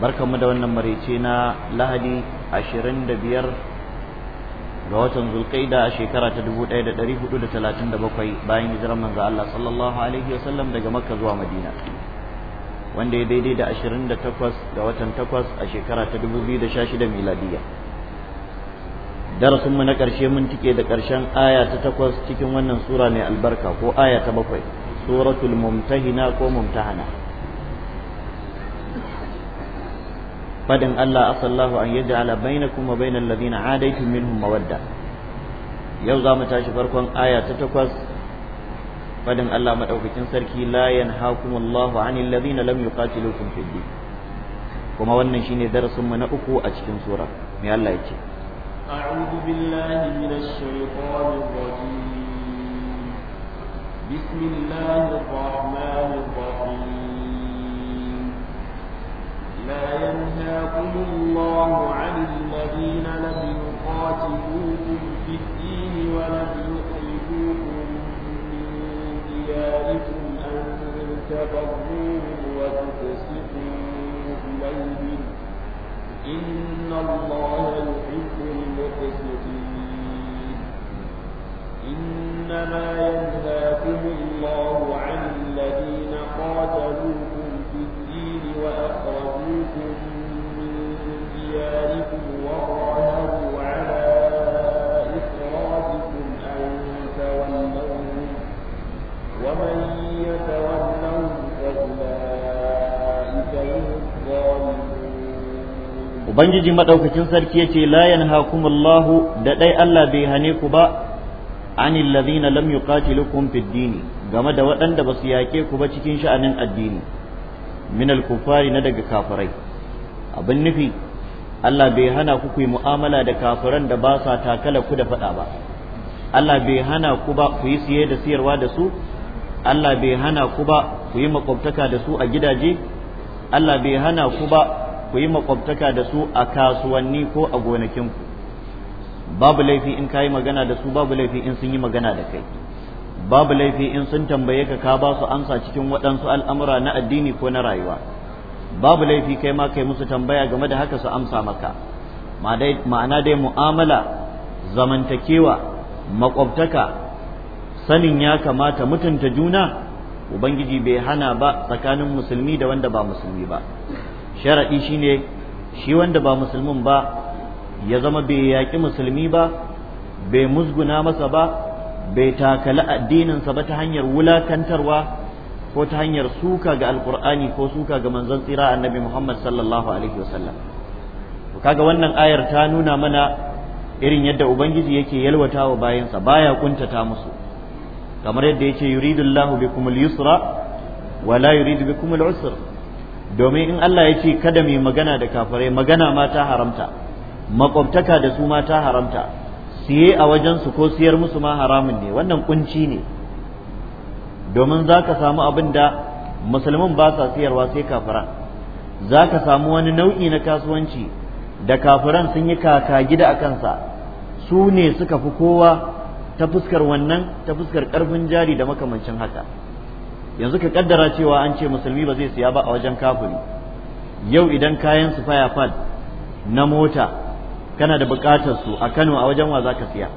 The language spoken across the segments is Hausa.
barkanmu da wannan maraice na lahadi 25 ga watan zulkaida a shekara ta 1437 bayan hijirar manzo Allah sallallahu alaihi wasallam daga makka zuwa madina wanda ya daidai da 28 ga watan 8 a shekara ta 2016 miladiya darasinmu na ƙarshe mun tike da ƙarshen aya ta takwas cikin wannan sura mai albarka ko aya ta bakwai suratul mumtahina ko mumtahana fadin Allah asallahu an yaj'ala bainakum wa baina ladina adaytum minhum mawadda yau za mu tashi farkon aya ta takwas fadin Allah madaukakin sarki la yanhaakumullahu ani ladina lam yuqatilukum kuma wannan shine darasin mu na uku a cikin sura me Allah yake أعوذ بالله من الشيطان الرجيم بسم الله لا ينهاكم الله عن الذين لم يقاتلوكم في الدين ولم يخرجوكم من دياركم أن تبروهم وتقسطوا إليهم إن الله يحب المقسطين إنما ينهاكم الله عن الذين قاتلوكم في الدين وأخرجوكم ubangiji maɗaukacin sarki yace la yanhaakumullahu da ɗai Allah bai hane ku ba anil ladhina lam yuqatilukum fid din game da waɗanda ba su yake ku ba cikin sha'anin addini min al kufari na daga kafirai abin nufi Allah bai hana ku ku yi mu'amala da kafiran da ba sa takala ku da faɗa ba Allah bai hana ku ba ku yi siye da siyarwa da su Allah bai hana ku ba ku yi makwabtaka da su a gidaje Allah bai hana ku ba ku yi makwabtaka da su a kasuwanni ko a gonakinku babu laifi in ka yi magana da su babu laifi in sun yi magana da kai babu laifi in sun tambaye ka ka ba su amsa cikin waɗansu al'amura na addini ko na rayuwa babu laifi kai ma kai musu tambaya game da haka su amsa maka ma'ana dai mu'amala zamantakewa makwabtaka sanin ya kamata mutunta juna ubangiji bai hana ba tsakanin musulmi da wanda ba musulmi ba sharaɗi shine shi wanda ba musulmin ba ya zama bai yaki musulmi ba bai musguna masa ba bai takali addininsa ba ta hanyar wulakantarwa ko ta hanyar suka ga alkur'ani ko suka ga manzon tsira annabi muhammad sallallahu alaihi wasallam kaga wannan ayar ta nuna mana irin yadda ubangiji yake yalwata wa bayansa baya kuntata musu kamar yadda yake yuridullahu bikumul yusra wala yuridu bikumul usra domin in Allah ya ce kada mai magana da kafirai magana ma ta haramta makwabtaka da su ma ta haramta siye a wajensu ko siyar musu ma haramun ne wannan kunci ne domin za ka samu abin da musulmin ba sa siyarwa sai kafiran za ka samu wani nau'i na kasuwanci da kafiran sun yi kaka gida a kansa su ne suka fi kowa ta fuskar wannan ta fuskar karfin jari da makamancin haka yanzu ka kaddara cewa an ce musulmi ba zai siya ba a wajen kafiri yau idan kayan su faya fad na mota kana da bukatar su a Kano a wajen wa zaka siya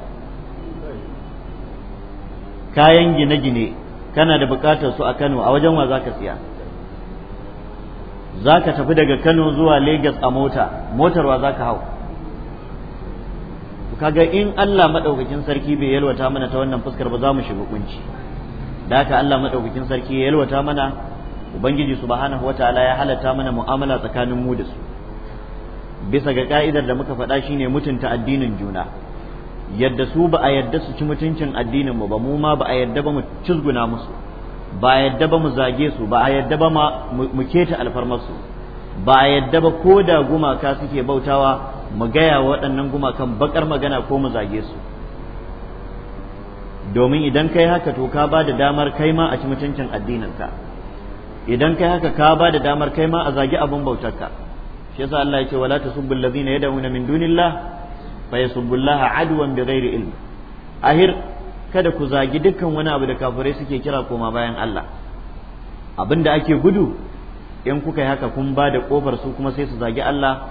kayan gine-gine kana da bukatar su a Kano a wajen wa zaka siya zaka tafi daga Kano zuwa Lagos a mota motar wa zaka hau kaga in Allah madaukakin sarki bai yalwata mana ta wannan fuskar ba za mu shiga kunci da haka Allah madaukakin sarki ya yalwata mana ubangiji subhanahu wataala ya halatta mana mu'amala tsakanin mu da su bisa ga ka'idar da muka faɗa shine mutunta addinin juna yadda su ba a yadda su ci mutuncin addinin mu ba mu ma ba a yadda ba mu cizguna musu ba a yadda ba mu zage su ba a yadda ba mu keta alfarmar su, ba a yadda ba ko da gumaka suke bautawa mu gaya waɗannan gumakan bakar magana ko mu zage su domin idan kai haka to ka ba da damar kai ma a ci mutuncin addininka idan kai haka ka ba da damar kai ma a zagi abin bautarka shi yasa Allah ya ce wala tasubbu allazina yad'una min dunillah fa yasubbullaha adwan bighairi ilm ahir kada ku zagi dukkan wani abu da kafirai suke kira koma bayan Allah abinda ake gudu in kuka yi haka kun ba da kofar su kuma sai su zagi Allah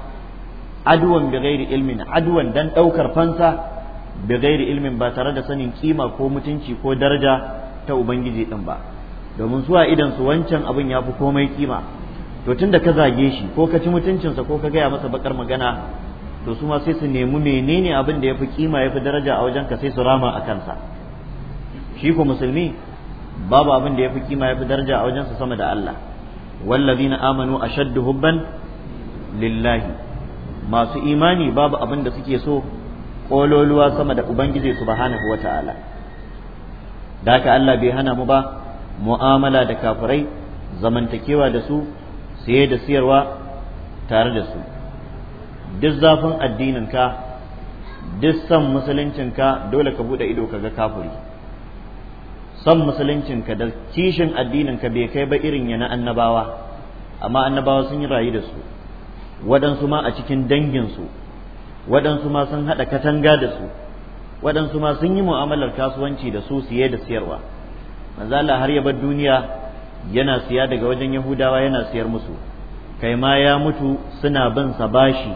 adwan bighairi ilmin adwan dan daukar fansa bi ilmin ba tare da sanin kima ko mutunci ko daraja ta ubangiji din ba domin zuwa idan su wancan abin ya fi komai kima to tunda ka zage shi ko ka ci mutuncinsa ko ka gaya masa bakar magana to su ma sai su nemi menene abin da ya fi kima ya fi daraja a wajen ka sai su rama a kansa shi ko musulmi babu abin da ya fi kima ya fi daraja a wajensa sama da Allah wallazina amanu ashaddu hubban lillahi masu imani babu abin da suke so ƙololuwa sama da ubangiji subhanahu wata'ala da haka Allah bai hana mu ba mu'amala da kafirai zamantakewa da su saye da siyarwa tare da su duk zafin addininka duk san musuluncinka dole ka buɗe ido ka ga kafiri san musuluncinka da kishin addininka bai kai ba irin ya na annabawa amma annabawa sun yi rayu da su waɗansu ma a cikin danginsu waɗansu ma sun haɗa katanga da su waɗansu ma sun yi mu'amalar kasuwanci da su siye da siyarwa manzo Allah har ya bar duniya yana siya daga wajen Yahudawa yana siyar musu kai ma ya mutu suna bin sa bashi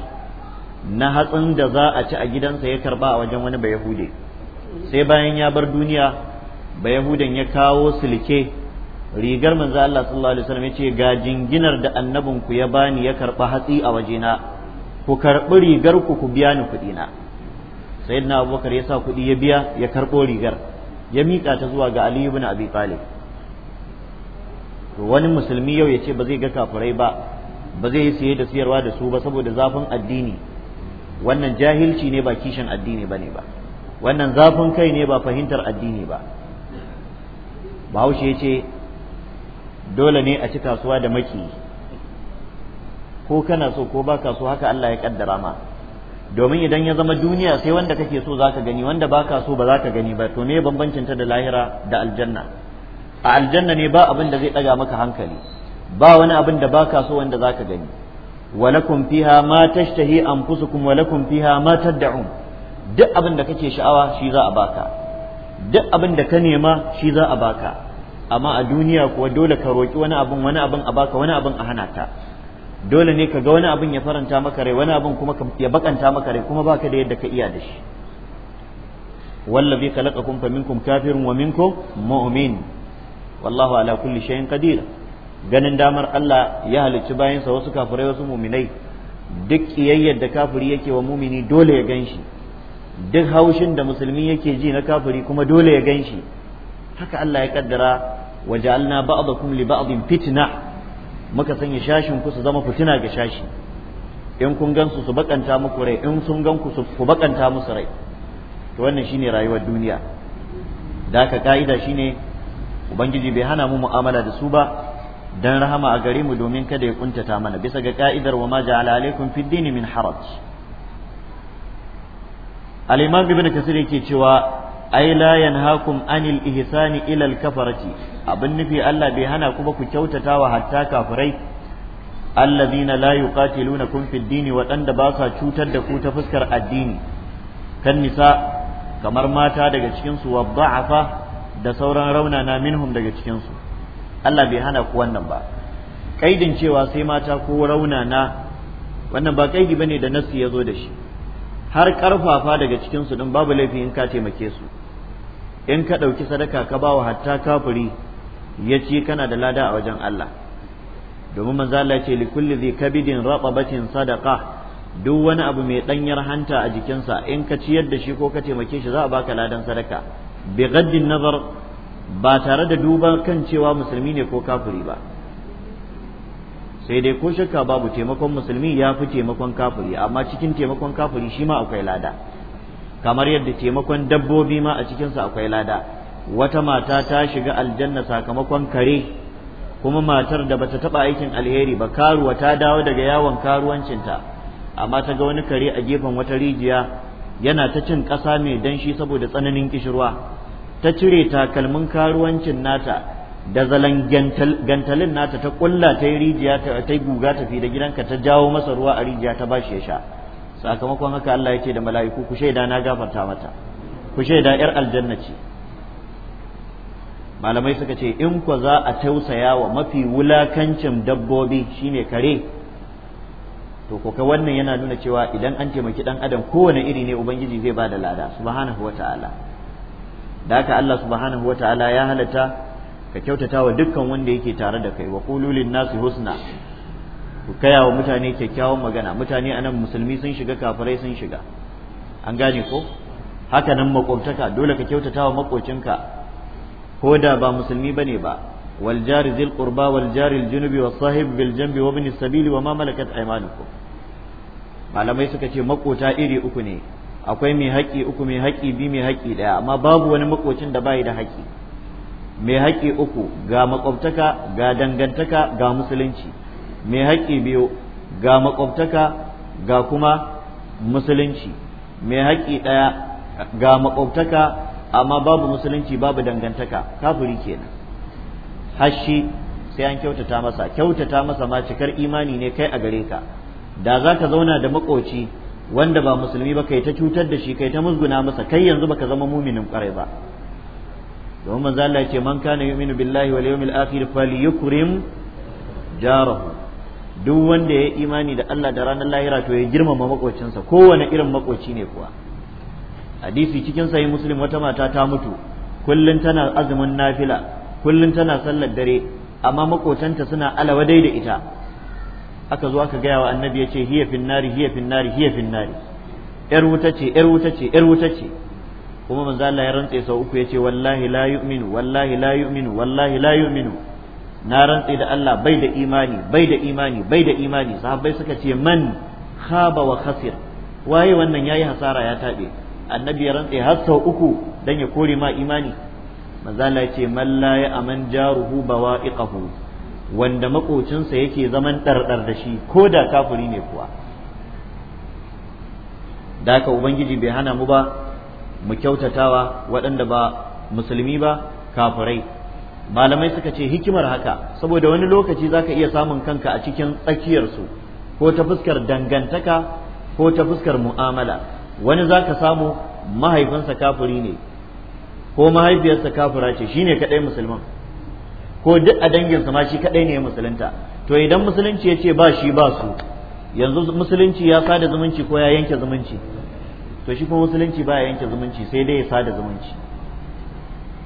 na hatsin da za a ci a gidansa ya karba a wajen wani bayahude sai bayan ya bar duniya bayahudan ya kawo silke rigar manzo Allah sallallahu alaihi wasallam yace ga jinginar da annabinku ya bani ya karba hatsi a wajena ku karɓi rigar ku ku biya ni kuɗi na na abubakar ya sa kuɗi ya biya ya karɓo rigar ya miƙa ta zuwa ga Aliyu bin abi talib to wani musulmi yau ya ce ba zai ga kafirai ba ba zai yi siye da siyarwa da su ba saboda zafin addini wannan jahilci ne ba kishin addini bane ba wannan zafin kai ne ba fahimtar addini ba bahaushe ya ce dole ne a ci kasuwa da maki ko kana so ko baka so haka Allah ya kaddara ma domin idan ya zama duniya sai wanda kake so zaka gani wanda baka so ba zaka gani ba to me bambancin ta da lahira da aljanna a aljanna ne ba abin da zai daga maka hankali ba wani abin da baka so wanda zaka gani walakum fiha ma tashtahi anfusukum walakum fiha ma tad'un duk abin da kake sha'awa shi za a baka duk abin da ka nema shi za a baka amma a duniya kuwa dole ka roki wani abin wani abin a baka wani abin a hana ta dole ne ka ga wani abin ya faranta maka rai wani abin kuma ya bakanta maka rai kuma baka da yadda ka iya da shi wallazi khalaqakum faminkum kafirun wa minkum mu'min wallahu ala kulli shay'in qadir ganin damar Allah ya halicci bayansa wasu kafirai wasu muminai duk kiyayyar da kafiri yake wa mumini dole ya ganshi duk haushin da musulmi yake ji na kafiri kuma dole ya ganshi haka Allah ya kaddara waja'alna ba'dakum li ba'din fitna muka sanya shashin ku su zama fitina ga shashi in kun gansu su bakanta muku rai in sun gan ku ku bakanta musu rai to wannan shine rayuwar duniya da aka ka'ida shine ubangiji bai hana mu mu'amala da su ba dan rahama a gare mu domin kada ya kuntata mana bisa ga ka'idar wa ma ja'ala alaikum fid dini min haraj al-imam ibn kasir yake cewa ay la yanhaakum anil ihsani ila al-kafarati abin nufi Allah bai hana ku ba ku kyautata wa hatta kafirai allazina la yuqatilunakum fid dini waɗanda ba sa cutar da ku ta fuskar addini kan nisa kamar mata daga cikin su wadda'afa da sauran raunana minhum daga cikin su Allah bai hana ku wannan ba kaidin cewa sai mata ko raunana wannan ba kaidi bane da na ya zo da shi har karfafa daga cikin su din babu laifi in ka taimake su in ka ɗauki sadaka ka bawa hatta kafiri ya ci kana da lada a wajen Allah domin manzo Allah ce li kulli dhi kabidin raqabatin sadaqa duk wani abu mai danyar hanta a jikinsa in ka ciyar da shi ko ka taimake shi za a baka ladan sadaka bi gaddin nazar ba tare da duba kan cewa musulmi ne ko kafiri ba sai dai ko shakka babu taimakon musulmi ya fi taimakon kafiri amma cikin taimakon kafiri shi ma akwai lada kamar yadda taimakon dabbobi ma a cikinsa akwai lada wata mata ta shiga aljanna sakamakon kare kuma matar da bata taba aikin alheri ba karuwa ta dawo daga yawon karuwancinta amma ta ga wani kare a gefen wata rijiya yana ta cin ƙasa mai danshi saboda tsananin kishirwa ta cire takalmin karuwancin nata da zalan gantalin nata ta kulla ta yi rijiya ta yi guga tafi da gidanka ta jawo masa ruwa a rijiya ta bashi ya sha sakamakon haka Allah yake da mala'iku ku shaida na gafarta mata ku shaida yar aljanna ce malamai suka ce in kwa za a tausaya wa mafi wulakancin dabbobi shine kare to ko wannan yana nuna cewa idan an taimaki dan adam kowane iri ne ubangiji zai bada da lada subhanahu wataala da haka Allah subhanahu wataala ya halatta ka kyautata wa dukkan wanda yake tare da kai wa qulu nasi husna ku kaya wa mutane kyakkyawan magana mutane anan musulmi sun shiga kafirai sun shiga an gane ko haka nan makwabtaka dole ka kyautata wa makocinka ko da ba musulmi bane ba wal jari zil qurba wal jari al junubi was sahib bil janbi wa ibn sabili wa ma malakat aymanukum malamai suka ce makota iri uku ne akwai mai haƙi uku mai haƙi bi mai haƙi ɗaya amma babu wani makocin da bai da haƙi mai haƙi uku ga makwabtaka ga dangantaka ga musulunci mai haƙi biyu ga makwabtaka ga kuma musulunci mai haƙi ɗaya ga makwabtaka amma babu musulunci babu dangantaka kafiri kenan hashi sai an kyautata masa kyautata masa ma cikar imani ne kai a gare ka da za ka zauna da makoci wanda ba musulmi ba kai ta cutar da shi kai ta musguna masa kai yanzu baka zama muminin kwarai ba domin manzo Allah ya ce man kana yu'minu billahi wal yawmil akhir falyukrim jarahu duk wanda ya imani da Allah da ranar lahira to ya girmama makocinsa kowane irin makoci ne kuwa hadisi cikin sahih muslim wata mata ta mutu kullun tana azumin nafila kullun tana sallar dare amma makotanta suna alawadai da ita aka zo aka gaya wa annabi ya ce hiya finnari hiya finnari hiya finnari yar wuta ce yar wuta ce yar wuta ce kuma manzo Allah ya rantse sau uku ya ce wallahi la yu'minu wallahi la yu'minu wallahi la yu'minu na rantse da Allah bai da imani bai da imani bai da imani sahabbai suka ce man khaba wa khasir waye wannan yayi hasara ya tabe annabi ya rantse har sau uku dan ya kore ma imani mazala ce malla ya aman jaruhu bawa'iqahu wanda makocinsa yake zaman ɗarɗar da shi ko da kafiri ne kuwa da ka ubangiji bai hana mu ba mu kyautatawa waɗanda ba musulmi ba kafirai malamai suka ce hikimar haka saboda wani lokaci zaka iya samun kanka a cikin tsakiyarsu ko ta fuskar dangantaka ko ta fuskar mu'amala wani za ka samu mahaifinsa kafiri ne ko mahaifiyarsa kafira ce shi ne kaɗai musulman ko duk a danginsa ma shi kaɗai ne musulunta to idan musulunci ya ce ba shi ba su yanzu musulunci ya sada zumunci ko ya yanke zumunci to shi kuma musulunci ba ya yanke zumunci sai dai ya sada zumunci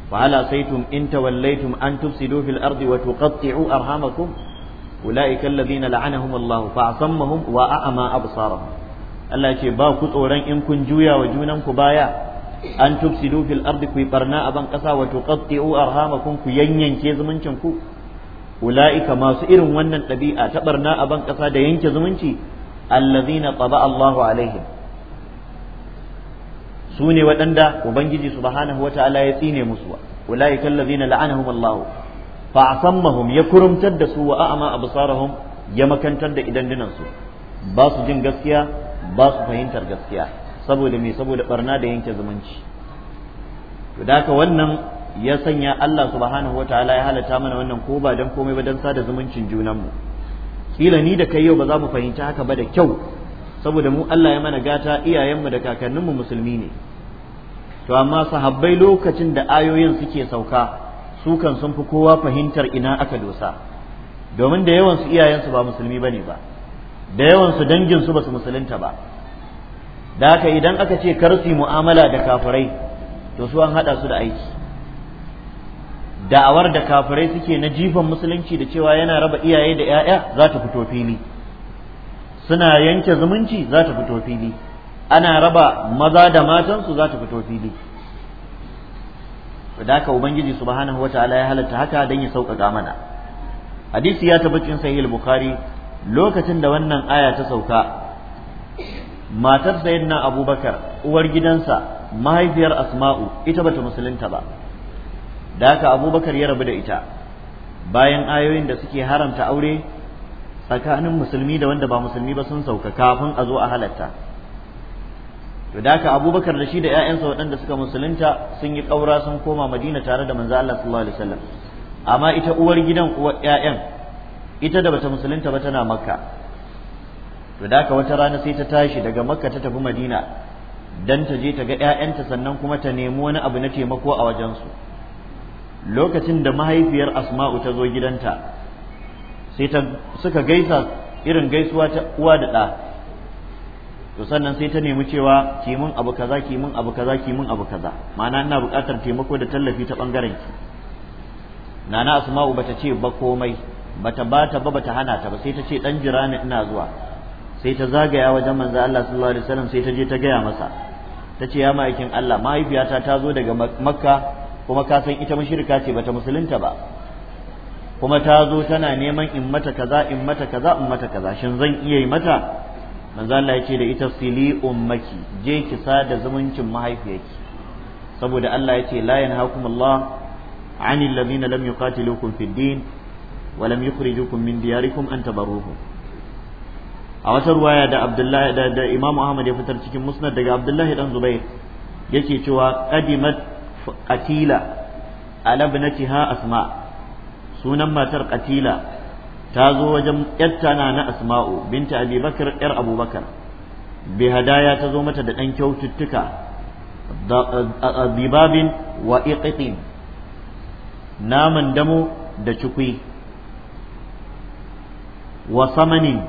فهل عصيتم إن توليتم أن تفسدوا في الأرض وتقطعوا أرحامكم أولئك الذين لعنهم الله فأعصمهم وأعمى أبصارهم Allah ce ba ku tsoron in kun juya wa junan ku baya an tufsidu fil ardi ku barna a ban kasa wa tuqatti'u arhamakum ku yanyanke zumuncin ku ulaika masu irin wannan ɗabi'a ta barna a ban kasa da yanke zumunci allazina taba Allahu alaihim su ne waɗanda ubangiji subhanahu wata'ala ya tsine musu ulaika allazina la'anahum Allah fa ya kurumtar da su wa a'ma absarahum ya makantar da idan su ba su jin gaskiya ba su fahimtar gaskiya saboda me saboda barna da yanke zumunci to wannan ya sanya Allah subhanahu wataala ya halatta mana wannan ko ba dan komai ba dan sada zumuncin junanmu kila ni da kai yau ba za mu fahimci haka ba da kyau saboda mu Allah ya mana gata iyayenmu da kakanninmu musulmi ne to amma sahabbai lokacin da ayoyin suke sauka su kan sun fi kowa fahimtar ina aka dosa domin da yawan su iyayensu ba musulmi ba ne ba da yawan su dangin su basu musulunta ba da haka idan aka ce kar mu'amala da kafirai to su an haɗa su da aiki da'awar da kafirai suke na jifan musulunci da cewa yana raba iyaye da 'ya'ya za ta fito fili suna yanke zumunci za ta fito fili ana raba maza da matansu za ta fito fili da haka ubangiji subhanahu wataala ya halatta haka don ya sauƙaƙa mana hadisi ya tabbacin sahih bukhari lokacin da wannan aya ta sauka matar sayyidina abubakar uwar gidansa mahaifiyar asma'u ita bata musulunta ba da haka abubakar ya rabu da ita bayan ayoyin da suke haramta aure tsakanin musulmi da wanda ba musulmi ba sun sauka kafin a zo a halatta to da haka abubakar da shi da 'ya'yansa waɗanda suka musulunta sun yi ƙaura sun koma madina tare da manzo Allah sallallahu alaihi wasallam amma ita uwar gidan uwar 'ya'yan ita da bata musulunta ba tana makka to da wata rana sai ta tashi daga makka ta tafi madina dan ta je ta ga 'ya'yanta sannan kuma ta nemi wani abu na taimako a su. lokacin da mahaifiyar asma'u ta zo gidanta sai ta suka gaisa irin gaisuwa ta uwa da ɗa to sannan sai ta nemi cewa kimin abu kaza kimin abu kaza kimin abu kaza ma'ana ina buƙatar taimako da tallafi ta ɓangaren ki nana asma'u bata ce ba komai bata bata ba bata hana ta ba sai ta ce dan jira ni ina zuwa sai ta zagaya wajen manzo Allah sallallahu alaihi wasallam sai ta je ta gaya masa ta ce ya ma'aikin Allah mahaifiyata ta zo daga makka kuma ka san ita mushrika ce bata musulunta ba kuma ta zo tana neman in mata kaza in mata kaza in mata kaza shin zan iya yi mata manzo Allah ya ce da ita sili ummaki je ki sada zumuncin mahaifiyarki saboda Allah ya ce la yanhaakum Allah 'anil ladina lam yuqatilukum fid din walam yukhrijukum min diyarikum an tabarruhum a wata ruwaya da Abdullahi da, da Imam Ahmad ya fitar cikin Musnad daga Abdullahi dan Zubair yake cewa qadimat qatila ala ibnatiha asma sunan matar qatila ta zo wajen yattana na na asma'u binta Abi Bakr yar Abubakar bi hadaya ta zo mata da dan kyaututtuka dibabin wa iqitin naman damo da cikwi wa samanin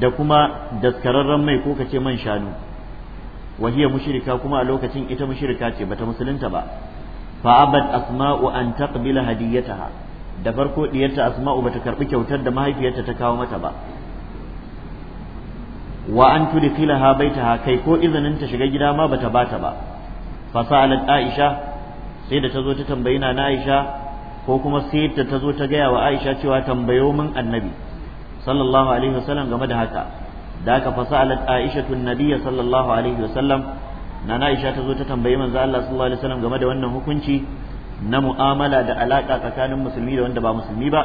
da kuma daskararren mai ko ce man shanu wa hiya mushrika kuma a lokacin ita mushrika ce bata musulunta ba fa abad asma'u an taqbila hadiyataha da farko diyarta asma'u bata karbi kyautar da mahaifiyarta ta kawo mata ba wa an tudkhilaha baitaha kai ko izinin ta shiga gida ma bata bata ba fa sa'alat aisha sai da tazo ta tambayi na aisha ko kuma sai ta tazo ta gaya wa aisha cewa tambayo min annabi sallallahu alaihi wasallam game da haka da aka fasalat aishatu nabiyya sallallahu alaihi wasallam nana aisha ta zo ta tambayi manzo Allah sallallahu alaihi wasallam game da wannan hukunci na mu'amala da alaka tsakanin musulmi da wanda ba musulmi ba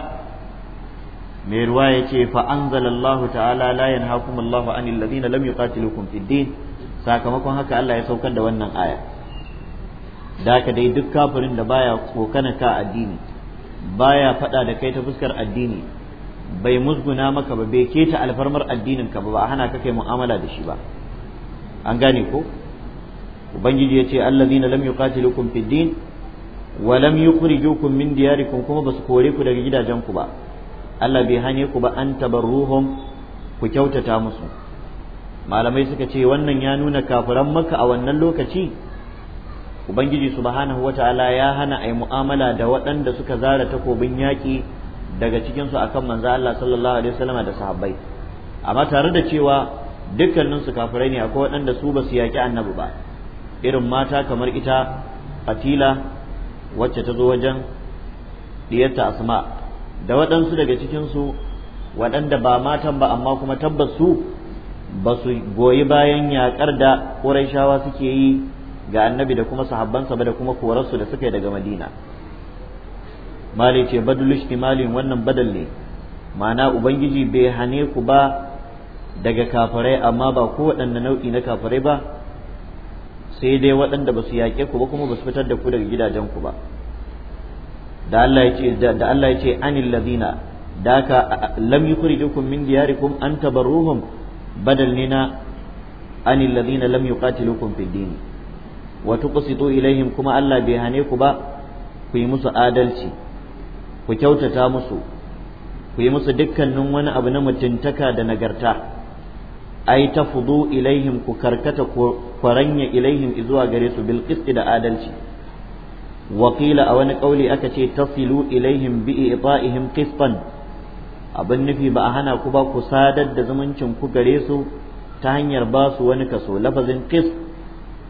mai ruwa ya ce fa anzalallahu ta'ala la yanhakumullahu anil ladina lam yuqatilukum fid din sakamakon haka Allah ya saukar da wannan aya da haka dai duk kafirin da baya kokana ka addini baya faɗa da kai ta fuskar addini bai musguna maka ba bai keta alfarmar addinin ka ba ba hana ka kai mu'amala da shi ba an gane ko ubangiji ya ce allazina lam yuqatilukum fid din wa lam yukhrijukum min diyarikum kuma basu kore ku daga gidajen ku ba Allah bai hane ku ba an tabarruhum ku kyautata musu malamai suka ce wannan ya nuna kafiran maka a wannan lokaci ubangiji subhanahu wataala ya hana ai mu'amala da waɗanda suka zara takobin yaki. daga cikinsu su akan manzo Allah sallallahu alaihi wasallam da sahabbai amma tare da cewa dukkanin su kafirai ne akwai waɗanda su ba su yaƙi annabi ba irin mata kamar ita fatila wacce ta zo wajen diyarta asma da waɗansu daga cikinsu waɗanda ba matan ba amma kuma tabbas su ba su goyi bayan yaƙar da ƙurayshawa suke yi ga annabi da kuma sahabbansa ba da kuma korarsu da suka yi daga madina malai ce badal ishtimalin wannan badal ne ma'ana ubangiji bai hane ku ba daga kafirai amma ba ko nau'i na kafirai ba sai dai waɗanda ba su yaƙe ku ba kuma ba su fitar da ku daga gidajen ku ba da Allah ya ce da Allah ya ce anil ladina da ka lam yukhrijukum min diyarikum an tabarruhum badal ne na anil ladina lam yuqatilukum fid din wa tuqsitu ilaihim kuma Allah bai hane ku ba ku yi musu adalci ku kyautata musu ku yi musu dukkanin wani abu na mutuntaka da nagarta ai ta fudu ilaihim ku karkata kwaranya ilaihim zuwa gare su bil da adalci wakila a wani kauli aka ce tasilu ilaihim bi ita'ihim qistan abin nufi ba a hana ku ba ku sadar da zumuncin ku gare su ta hanyar ba su wani kaso lafazin qist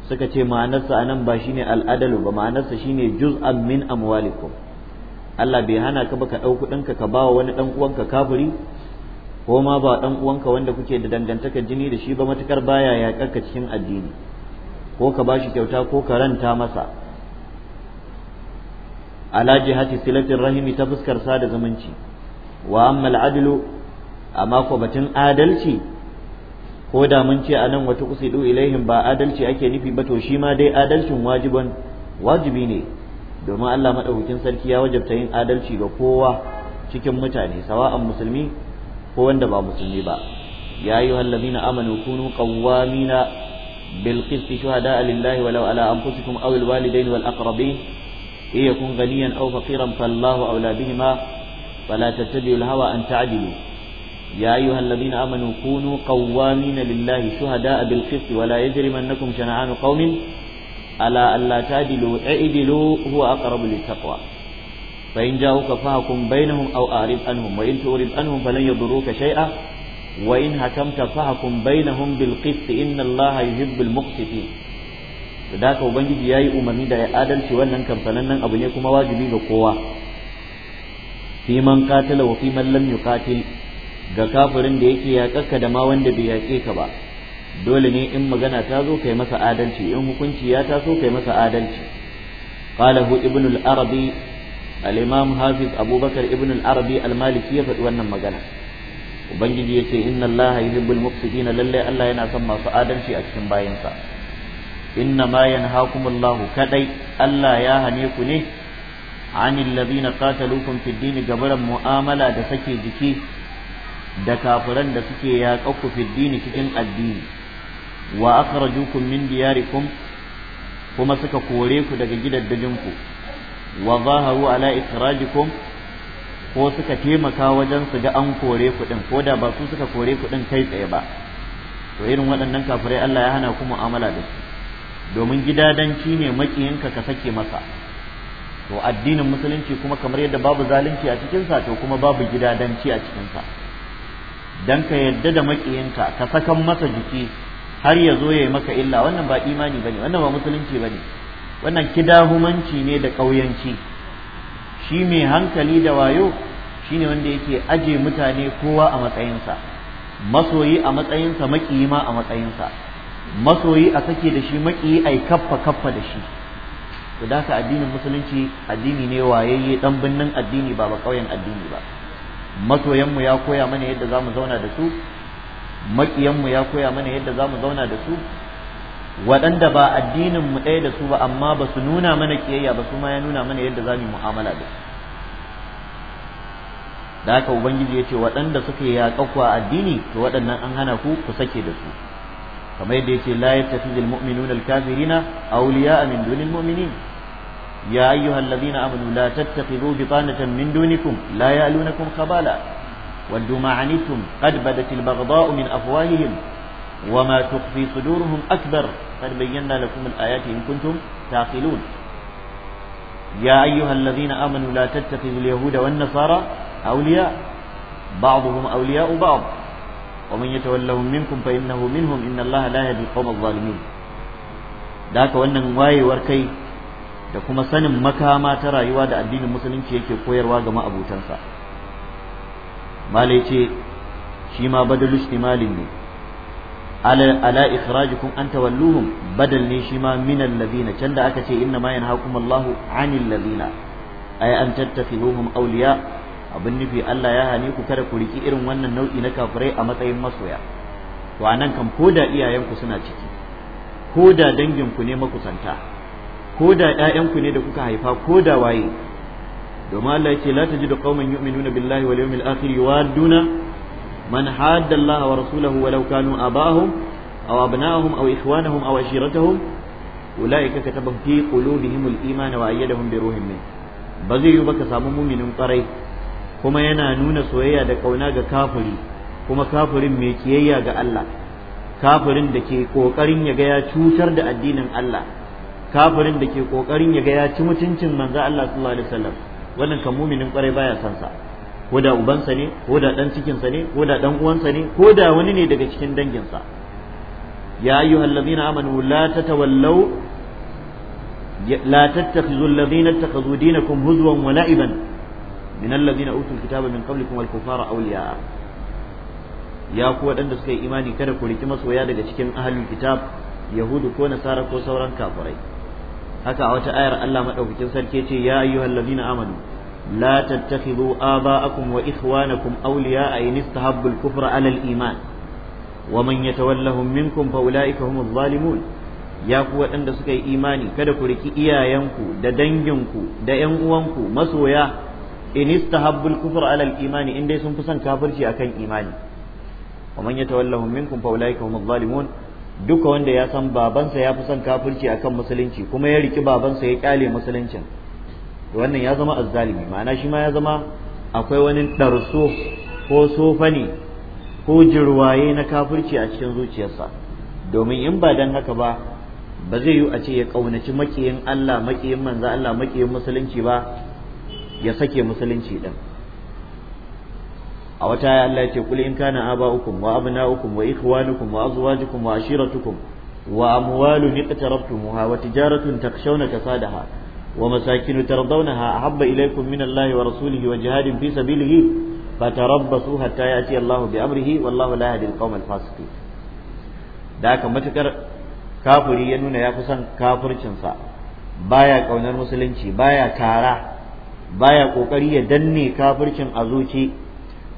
suka ce ma'anarsa anan ba shine al'adalu ba ma'anarsa shine juz'an min amwalikum Allah bai hana ka ba ka ɗau kuɗinka ka ba wani ɗan uwanka kafiri ko ma ba ɗan uwanka wanda kuke da dangantaka jini da shi ba matukar baya ya ƙarka cikin addini ko ka ba shi kyauta ko ka ranta masa ala jihati silatin rahimi ta fuskar sada zumunci wa ammal adlu amma ko batun adalci ko da mun ce anan wata kusidu ilaihim ba adalci ake nufi ba to shi ma dai adalcin wajiban wajibi ne domin Allah madaukakin sarki ya wajabta yin adalci ga kowa cikin mutane sawa'an musulmi ko wanda ba musulmi ba ya ayyuha allazina amanu kunu qawwamina bil qisti shuhada lillahi walau ala anfusikum aw al walidain wal aqrabin in yakun ghaniyan aw faqiran fallahu awla bihima fala tattabi'u al hawa an ta'dilu ya ayyuha allazina amanu kunu qawwamina lillahi shuhada bil qisti wala yajrimannakum shana'anu qaumin ala alla tadilu i'dilu huwa aqrabu littaqwa fa in ja'uka fahkum bainahum aw a'rid anhum wa in tu'rid anhum falan yadurruka shay'a wa in hakamta fahkum bainahum bil qist inna allaha yuhibbul muqsitin da haka ubangiji yayi umarni da ya adalci wannan kamfanan nan abu ne kuma wajibi ga kowa Fiman man qatala wa fi man lam ga kafirin da yake yaƙarka da ma wanda bai yake ka ba dole ne in magana ta zo kai masa adalci in hukunci ya taso kai masa adalci qalahu ibn al-arabi al hafiz abubakar ibn al-arabi al-maliki ya faɗi wannan magana ubangiji ya ce inna allaha yuhibbul muqsitina lalle Allah yana son masu adalci a cikin bayansa inna ma yanhaakumullahu kaɗai Allah ya hane ku ne anil ladina qataluukum fid ga gabaran mu'amala da sake jiki da kafiran da suke yaƙa ku fid cikin addini wa akhrajukum min diyarikum kuma suka kore ku daga ku. wa zaharu ala ikrajikum ko suka taimaka wajen su ga an kore ku din ko da ba su suka kore ku din kai tsaye ba to irin waɗannan kafirai Allah ya hana ku mu'amala da su domin gidadanci ne makiyinka ka sake masa to addinin musulunci kuma kamar yadda babu zalunci a cikinsa to kuma babu gidadanci a cikinsa dan ka yadda da makiyinka ka sakan masa jiki har ya zo ya yi maka illa wannan ba imani bane wannan ba musulunci bane wannan kidahumanci ne da ƙauyanci shi mai hankali da wayo shi ne wanda yake aje mutane kowa a matsayinsa masoyi a matsayinsa maƙiyi ma a matsayinsa masoyi a sake da shi maƙiyi ai kaffa kaffa da shi to da ka addinin musulunci addini ne wayayye dan binnin addini ba ba ƙauyen addini ba masoyanmu ya koya mana yadda za mu zauna da su maƙiyanmu ya koya mana yadda za mu zauna da su waɗanda ba addinin mu ɗaya da su ba amma ba su nuna mana kiyayya ba su ma ya nuna mana yadda za mu mu'amala da su da haka ubangiji ya ce waɗanda suka yi yaƙakwa addini to waɗannan an hana ku ku sake da su kamar yadda ya ce la yattafizul mu'minuna al-kafirina min dunil mu'minin ya ayyuhal ladina amanu la tattakhidhu bitanatan min dunikum la ya'lunakum khabala ودوا ما عنتم قد بدت البغضاء من أفواههم وما تخفي صدورهم أكبر قد بينا لكم الآيات إن كنتم تعقلون يا أيها الذين آمنوا لا تتخذوا اليهود والنصارى أولياء بعضهم أولياء بعض ومن يتولهم منكم فإنه منهم إن الله لا يهدي القوم الظالمين ذاك وأن واي وركي da kuma sanin makama ta rayuwa da addinin musulunci yake koyarwa ga ma'abutansa malai ce shi ma badal ihtimalin ne ala ikhrajikum an tawalluhum badal ne shi ma min alladhina can da aka ce inna ma yanhaakum Allahu anil ladhina ay an tattakhiduhum awliya abin nufi Allah ya hane ku kada ku riki irin wannan nau'i na kafirai a matsayin masoya to anan kan da iyayenku suna ciki da danginku ne makusanta koda ƴaƴanku ne da kuka haifa ko da waye domin Allah ya ce la tajidu qauman yu'minuna billahi wal yawmil akhir yuwadduna man hadda Allah wa rasulahu walau kanu abahum aw abna'ahum aw ikhwanahum aw ashiratahum ulaika kataba fi qulubihim al-iman wa ayyadahum bi ruhin min ba zai yi ba ka samu muminin kwarai kuma yana nuna soyayya da kauna ga kafiri kuma kafirin mai kiyayya ga Allah kafirin da ke kokarin ya ga ya cutar da addinin Allah kafirin da ke kokarin ya ga ya ci mutuncin manzo Allah sallallahu alaihi wasallam wannan kan muminin kwarai baya son sa ko da ubansa ne ko da dan cikinsa ne ko da dan uwansa ne ko da wani ne daga cikin danginsa ya ayyuhallazina amanu la tatawallaw لا تتخذوا الذين اتخذوا دينكم هزوا ولعبا من الذين اوتوا الكتاب من قبلكم والكفار اولياء يا ku waɗanda suka yi imani kada ku riki masoya daga cikin ahalul kitab yahudu ko nasara ko sauran kafirai haka a wata ayar Allah madaukakin sarki ce ya ayyuhal ladina amanu la tattakhidhu aba'akum wa ikhwanakum awliya'a in istahabbu al-kufra 'ala al-iman wa man yatawallahum minkum fa ulaika humuz zalimun ya ku waɗanda suka yi imani kada ku riki iyayenku da danginku da ƴan uwanku masoya in istahabbul kufr ala al imani in dai sun fi son kafirci akan imani wa man yatawallahum minkum fa ulaika humuz zalimun duka wanda ya san babansa ya fi son kafirci kan musulunci kuma ya riki babansa ya kyale musuluncin wannan ya zama azzalimi ma'ana shi ma ya zama akwai wani darso ko sofani ko jirwaye na kafirci a cikin zuciyarsa domin in ba dan haka ba ba zai yi a ce ya ƙaunaci makiyin Allah makiyin manzo Allah makiyin musulunci ba ya sake musulunci din a wata ya Allah ce kul in kana aba'ukum wa abna'ukum wa ikhwanukum wa azwajukum wa ashiratukum wa amwalun iqtarabtumuha wa tijaratun takshawna kasadaha wa masakinu tardawnaha ahabba ilaykum min Allah wa rasulihi wa jihadin fi sabilihi fatarabbasu hatta ya'ti Allah bi amrihi wallahu la yahdi al-qawma al-fasiqin da haka matukar kafuri ya nuna ya fi son kafircinsa baya kaunar musulunci baya tara baya kokari ya danne kafircin a zuci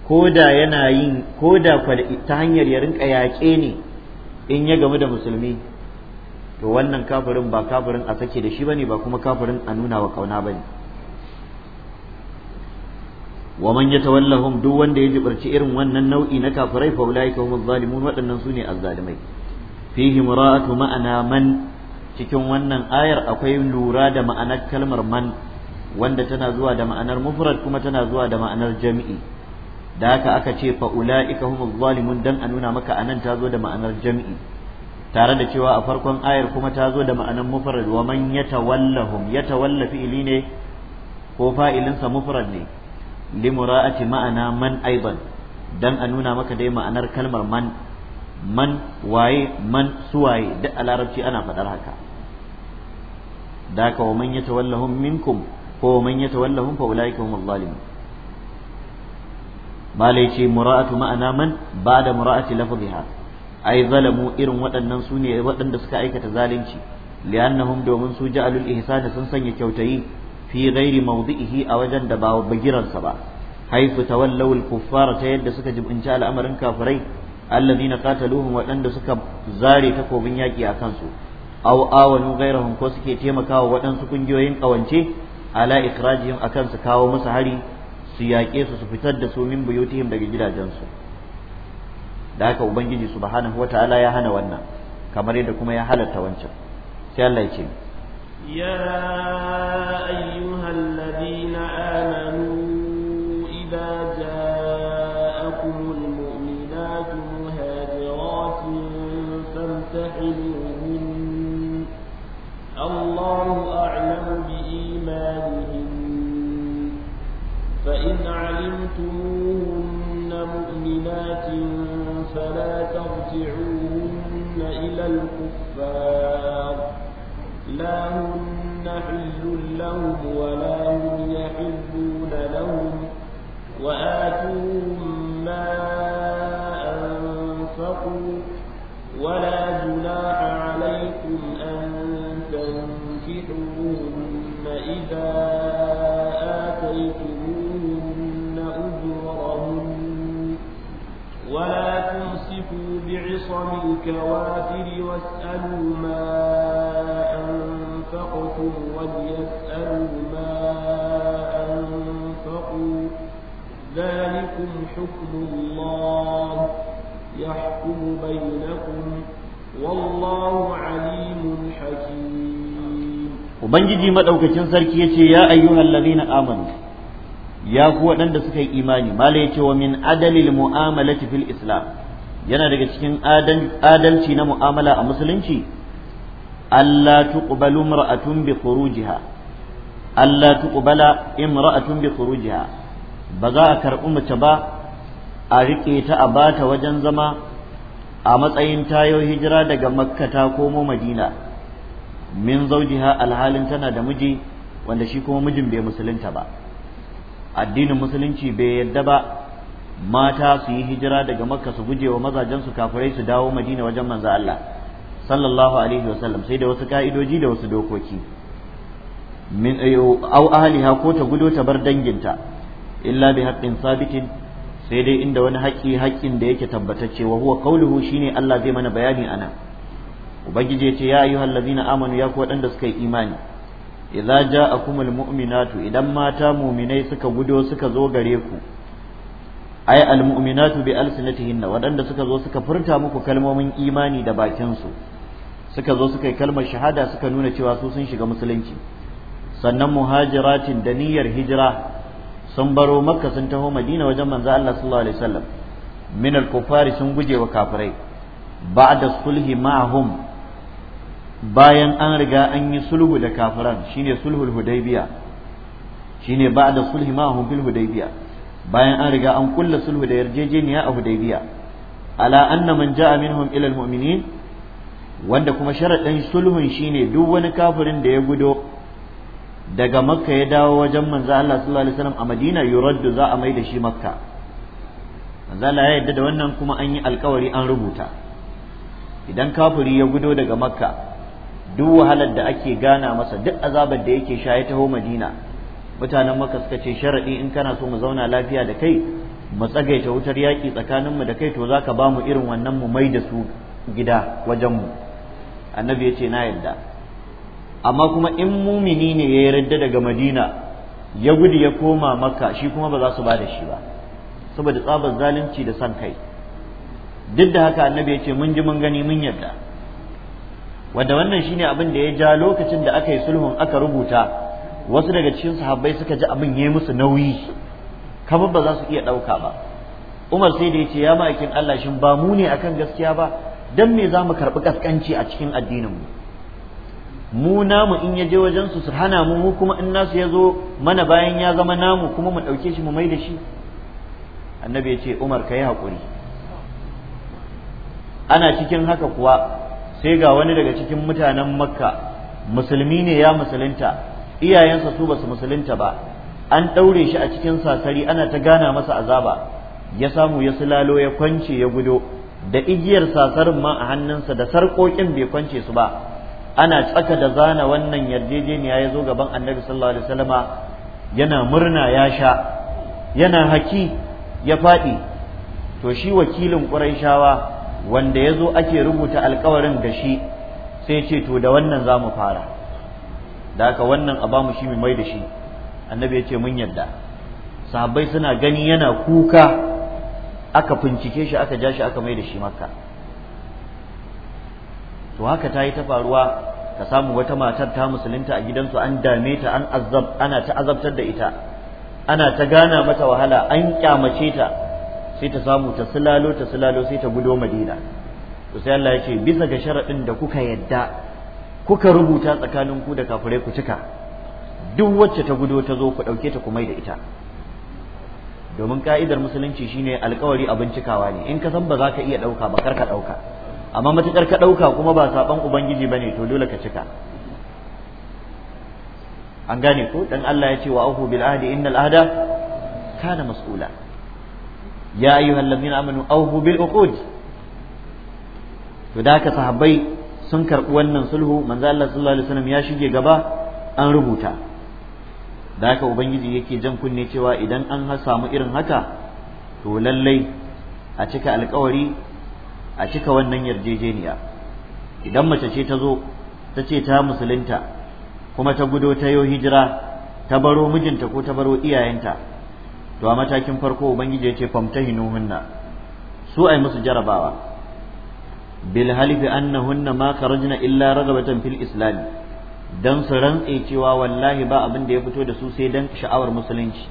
koda yana yin koda ta hanyar ya rinka yaƙe ne in ya gamu da musulmi to wannan kafirin ba kafirin a sake da shi bane ba kuma kafirin a nuna wa kauna bane wa man yatawallahum duk wanda ya jibirci irin wannan nau'i na kafirai fa ulaika humuz zalimun waɗannan sune azzalimai fihi mura'atu ma'ana man cikin wannan ayar akwai lura da ma'anar kalmar man wanda tana zuwa da ma'anar mufrad kuma tana zuwa da ma'anar jami'i da haka aka ce fa ulaika humuz zalimun dan a nuna maka anan ta zo da ma'anar jami'i. tare da cewa a farkon ayar kuma ta zo da ma'anar mufrad wa man yatawallahum yatawalla fi'ili ne ko fa'ilinsa mufrad ne limura'ati ma'ana man aiban dan a nuna maka dai ma'anar kalmar man man waye man suwaye duk a larabci ana faɗar haka da haka wa man yatawallahum minkum ko wa man yatawallahum fa ulaika humuz zalimun malai ce mura'atu ma'ana man ba da mura'ati lafziha ai zalamu irin waɗannan su ne waɗanda suka aikata zalunci li'annahum domin su ja'alul ihsana sun sanya kyautayi fi ghairi mawdi'ihi a wajen da ba bagiransa ba haifu tawallaw al-kuffara ta yadda suka jibinci al'amarin kafirai alladhina qataluhum waɗanda suka zare takobin yaki a kansu aw awanu ghairahum ko suke taimakawa waɗansu kungiyoyin kawance ala ikhrajihim akan su kawo musu hari su yaƙe su su fitar da su min buyutihim daga gidajensu da haka ubangiji subhanahu wataala ya hana wannan kamar yadda kuma ya halatta wancan sai Allah ya ce ya ayyuhal ladina amanu madaukakin sarki yace ya ayyuhal ladina amanu ya ku waɗanda suka yi imani mala yace wa min adalil mu'amalati fil islam yana daga cikin adalci na mu'amala a musulunci Allah tuqbalu imra'atun bi khurujiha Allah tuqbala imra'atun bi khurujiha ba za a karɓi mace ba a riƙe ta a bata wajen zama a matsayin tayo hijira daga makka ta komo madina min zaujiha alhalin tana da miji wanda shi kuma mijin bai musulunta ba addinin musulunci bai yadda ba mata su yi hijira daga makka su guje wa su kafirai su dawo madina wajen manzo Allah sallallahu alaihi wasallam sai da wasu ka'idoji da wasu dokoki min eh, au ahliha ko ta gudo ta bar danginta illa bi haqqin sabitin sai dai inda wani haƙƙi haƙƙin da yake tabbatacce wa huwa qawluhu shine Allah zai mana bayani anan ubangiji ya ce ya ayyuhal ladzina amanu ya ku waɗanda suka yi imani idza ja'akumul mu'minatu idan mata mu'minai suka gudo suka zo gare ku ay al mu'minatu bi alsinatihinna waɗanda suka zo suka furta muku kalmomin imani da bakin su suka zo suka yi kalmar shahada suka nuna cewa su sun shiga musulunci sannan muhajiratin da niyyar hijira sun baro makka sun taho madina wajen manzo Allah sallallahu alaihi wasallam min al-kuffari sun guje wa kafirai ba'da sulhi ma'ahum bayan an riga an yi sulhu da kafiran shine sulhul hudaybiya shine ba'da sulhi ma hum bil hudaybiya bayan an riga an kulla sulhu da yarjejeniya a hudaybiya ala anna man ja'a minhum ila mu'minin wanda kuma sharadin sulhun shine duk wani kafirin da ya gudo daga makka ya dawo wajen manzo Allah sallallahu alaihi wasallam a Madina yuraddu za a mai da shi makka manzo Allah ya yadda da wannan kuma an yi alkawari an rubuta idan kafiri ya gudo daga makka duk wahalar da ake gana masa duk azabar da yake sha ya taho madina mutanen maka suka ce sharaɗi in kana so mu zauna lafiya da kai mu tsagaita wutar yaƙi tsakaninmu da kai to za ka ba mu irin wannan mu mai da su gida wajenmu annabi ya ce na yarda amma kuma in mumini ne ya yarda daga madina ya gudu ya koma maka shi kuma ba za su ba da shi ba saboda tsabar zalunci da son kai duk da haka annabi ya ce mun ji mun gani mun yarda wanda wannan shine abin da ya ja lokacin da aka yi sulhun aka rubuta wasu daga cikin sahabbai suka ji abin yayi musu nauyi kamar ba za su iya ɗauka ba umar sai da ya ce ya ma'aikin Allah shin ba mu ne akan gaskiya ba dan me za mu karɓi kaskanci a cikin addinin mu mu namu in ya je wajen su su hana mu mu kuma in nasu ya zo mana bayan ya zama namu kuma mu ɗauke shi mu mai da shi annabi ya ce umar ka yi haƙuri ana cikin haka kuwa sai ga wani daga cikin mutanen makka musulmi ne ya musulunta iyayensa su basu musulunta ba an ɗaure shi a cikin sasari ana ta gana masa azaba ya samu ya sulalo ya kwance ya gudo da igiyar sasarin ma a hannunsa da sarƙoƙin bai kwance su ba ana tsaka da zana wannan yarjejeniya ya zo gaban annabi sallallahu alaihi wasallama yana murna ya sha yana haki ya faɗi to shi wakilin ƙuraishawa wanda ya zo ake rubuta alkawarin da shi sai ce to da wannan za mu fara da aka wannan a bamu shi mai da shi annabi ya ce mun yadda sahabbai suna gani yana kuka aka fincike shi aka ja shi aka mai da shi makka to haka ta yi ta faruwa ka samu wata matar ta musulunta a gidansu an dame ta an azab ana ta azabtar da ita ana ta gana mata wahala an kyamace ta sai ta samu ta silalo ta silalo sai ta gudo madina to sai Allah ya ce bisa ga sharaɗin da kuka yadda kuka rubuta tsakanin ku da kafirai ku cika duk wacce ta gudo ta zo ku ɗauke ta kuma da ita domin ka'idar musulunci shine alkawari abin cikawa ne in ka san ba za ka iya ɗauka ba kar ka ɗauka amma matuƙar ka ɗauka kuma ba saɓan ubangiji ba ne to dole ka cika an gane ko dan Allah ya ce wa ahu bil ahdi innal ahda kana mas'ula ya ayyuhal ladzina amanu awfu bil uqud to da sahabbai sun karɓi wannan sulhu manzo Allah sallallahu alaihi wasallam ya shige gaba an rubuta da ubangiji yake jan kunne cewa idan an samu irin haka to lallai a cika alkawari a cika wannan yarjejeniya idan mace ce ta zo ta ce ta musulunta kuma ta gudo ta yo hijira ta baro mijinta ko ta baro iyayenta to a matakin farko ubangiji ya ce famtahinuhunna su ai musu jarabawa bil halifi annahunna ma kharajna illa ragabatan fil islam dan su rantse cewa wallahi ba abin da ya fito da su sai dan sha'awar musulunci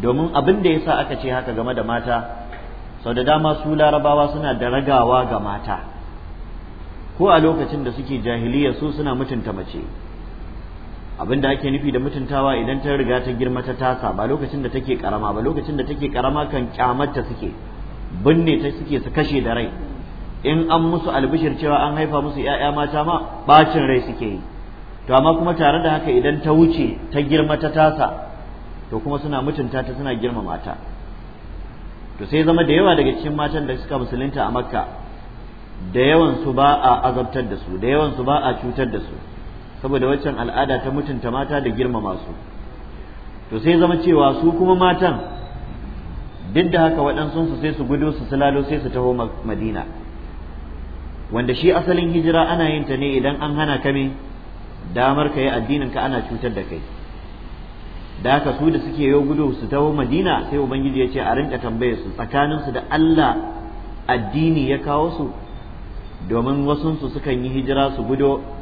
domin abin da yasa aka ce haka game da mata sau da dama su larabawa suna da ragawa ga mata ko a lokacin da suke jahiliya su suna mutunta mace Abin da ake nufi da mutuntawa idan ta riga ta girma ta tasa ba lokacin da take karama ba lokacin da take karama kan kyamarta suke binne ta suke su kashe da rai in an musu albishir cewa an haifa musu ƴaƴa mata ma bacin rai suke yi to amma kuma tare da haka idan ta wuce ta girma ta tasa to kuma suna mutunta ta suna girma mata to sai zama da yawa daga cikin matan da suka musulunta a makka da yawan su ba a azabtar da su da yawan su ba a cutar da su saboda waccan al'ada ta mutunta mata da girmama su to sai zama cewa su kuma matan duk da haka waɗansu sai su gudu su silalo sai su taho madina wanda shi asalin hijira ana yin ta ne idan an hana ka me damar ka yi addinin ka ana cutar da kai da haka su da suke yau gudu su taho madina sai ubangiji ya ce a rinka tambaye su tsakaninsu da allah addini ya kawo su domin wasunsu sukan yi hijira su gudo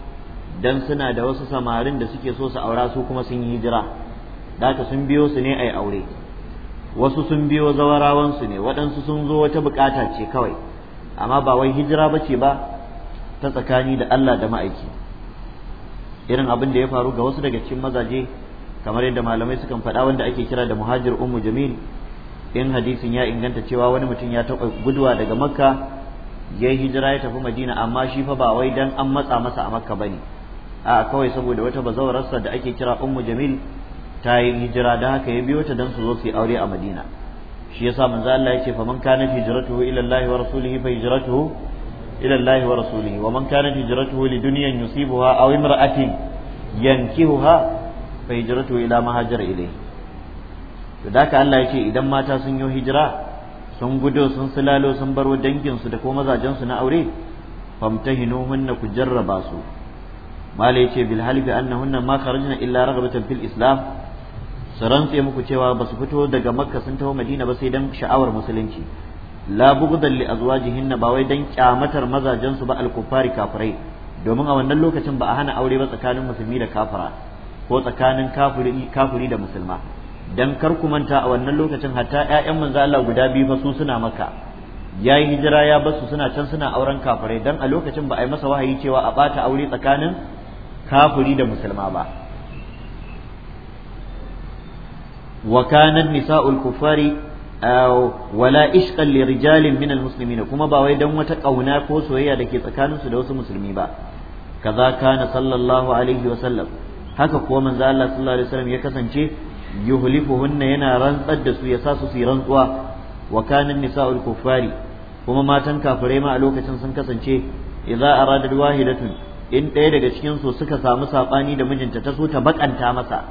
dan suna da wasu samarin da suke so su aura su kuma sun yi hijira daka sun biyo su ne ai aure wasu sun biyo zawarawan su ne waɗansu sun zo wata bukata ce kawai amma ba wai hijira bace ba ta tsakani da Allah da ma'aiki irin abin da ya faru ga wasu daga cikin mazaje kamar yadda malamai sukan faɗa wanda ake kira da muhajir ummu jamil in hadisin ya inganta cewa wani mutum ya taɓa guduwa daga makka ya hijira ya tafi madina amma shi fa ba wai dan an matsa masa a makka bane a kawai saboda wata bazawararsa da ake kira ummu jamil ta yi hijira da haka ya biyo ta dan su zo su yi aure a madina shi yasa manzo Allah yake fa man kana hijratuhu ila Allah wa rasulihi fa hijratuhu ila Allah wa rasulihi wa man kana hijratuhu dunyan yusibuha aw imra'atin yankihuha fa hijratuhu ila ma hajara ilayhi to da haka Allah yake idan mata sun yi hijira sun gudo sun sulalo sun bar dangin su da ko mazajen su na aure famtahinuhunna ku jarraba su malai ce bil halifi annahunna ma kharajna illa raghbatan fil islam saran sai muku cewa ba su fito daga makka sun taho madina ba sai dan sha'awar musulunci la bughdan li azwajihinna ba wai dan kyamatar mazajen su ba al kufari kafirai domin a wannan lokacin ba a hana aure ba tsakanin musulmi da kafira ko tsakanin kafiri kafiri da musulma dan kar ku manta a wannan lokacin hatta ƴaƴan manzo Allah guda biyu fa su suna maka yayi hijira ya basu suna can suna auren kafirai dan a lokacin ba a yi masa wahayi cewa a bata aure tsakanin kafuri da musulma ba wa kana nisa'ul kufari wala ishqan li rijalin min almuslimin kuma ba wai dan wata kauna ko soyayya dake tsakanin su da wasu musulmi ba kaza kana sallallahu alaihi wa sallam haka kuwa manzo Allah sallallahu alaihi wasallam ya kasance yuhlifuhunna yana rantsar da su ya sa su su rantsuwa wa kanan nisa'ul kufari kuma matan kafirai ma a lokacin sun kasance idza arada wahidatun in ɗaya daga cikin su suka samu saɓani da mijinta ta so ta bakanta masa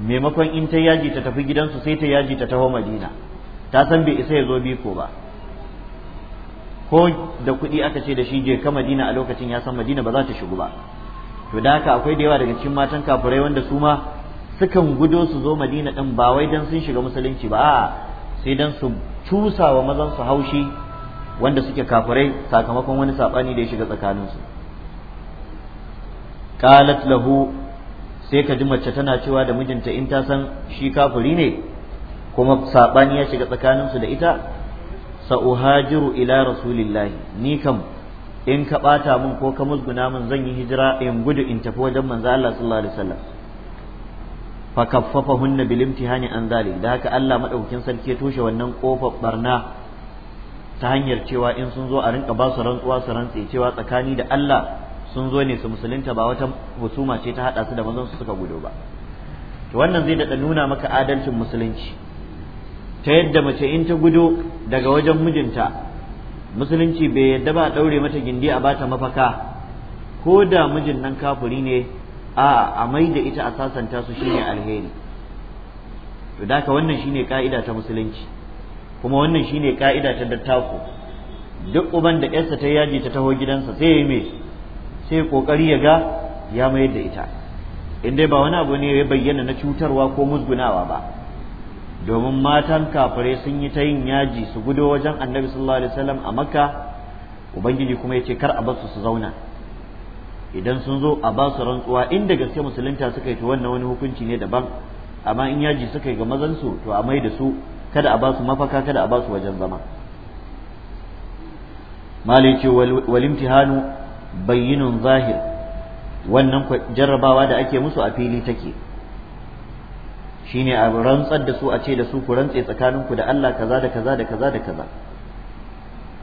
maimakon in ta yaji ta tafi gidansu sai ta yaji ta taho madina ta san bai isa ya zo biko ba ko da kuɗi aka ce da shi je ka madina a lokacin ya san madina ba za ta shigo ba to da haka akwai da yawa daga cikin matan kafirai wanda su ma sukan gudo su zo madina ɗin ba wai dan sun shiga musulunci ba a'a sai dan su cusa wa mazan su haushi wanda suke kafirai sakamakon wani saɓani da ya shiga tsakaninsu qalat lahu sai ka ji mace tana cewa da mijinta in ta san shi kafuri ne kuma saɓani ya shiga tsakaninsu da ita sa'uhajiru ila rasulillahi ni kam in ka ɓata min ko ka musguna min zan yi hijira in gudu in tafi wajen manzo Allah sallallahu alaihi wasallam fa kaffafahunna bil imtihani an zalik da haka Allah madaukakin sarki ya toshe wannan kofar barna ta hanyar cewa in sun zo a rinka ba su rantsuwa su rantse cewa tsakani da Allah sun zo ne su musulunta ba wata husuma ce ta hada su da mazan su suka gudu ba to wannan zai daɗa nuna maka adalcin musulunci ta yadda mace in ta gudu daga wajen mijinta musulunci bai yadda ba a ɗaure mata gindi a bata mafaka ko da mijin nan kafuri ne a a mai da ita a sasanta su shine alheri to da wannan shine ka'ida ta musulunci kuma wannan shine ka'ida ta dattako duk uban da yarsa ta yaji ta taho gidansa sai ya yi mai sai kokari ya ga ya mayar da ita in dai ba wani abu ne ya bayyana na cutarwa ko musgunawa ba domin matan kafirai sun yi ta yin yaji su gudo wajen annabi sallallahu alaihi wasallam a makka ubangiji kuma ya ce kar a basu su zauna idan sun zo a basu rantsuwa inda gaske musulunta suka yi to wannan wani hukunci ne daban amma in yaji suka yi ga mazansu to a mai da su kada a basu mafaka kada a basu wajen zama malice wal imtihanu bayyinun zahir wannan jarrabawa da ake musu a fili take shine a rantsar da su a ce da su ku rantse tsakaninku da Allah kaza da kaza da kaza da kaza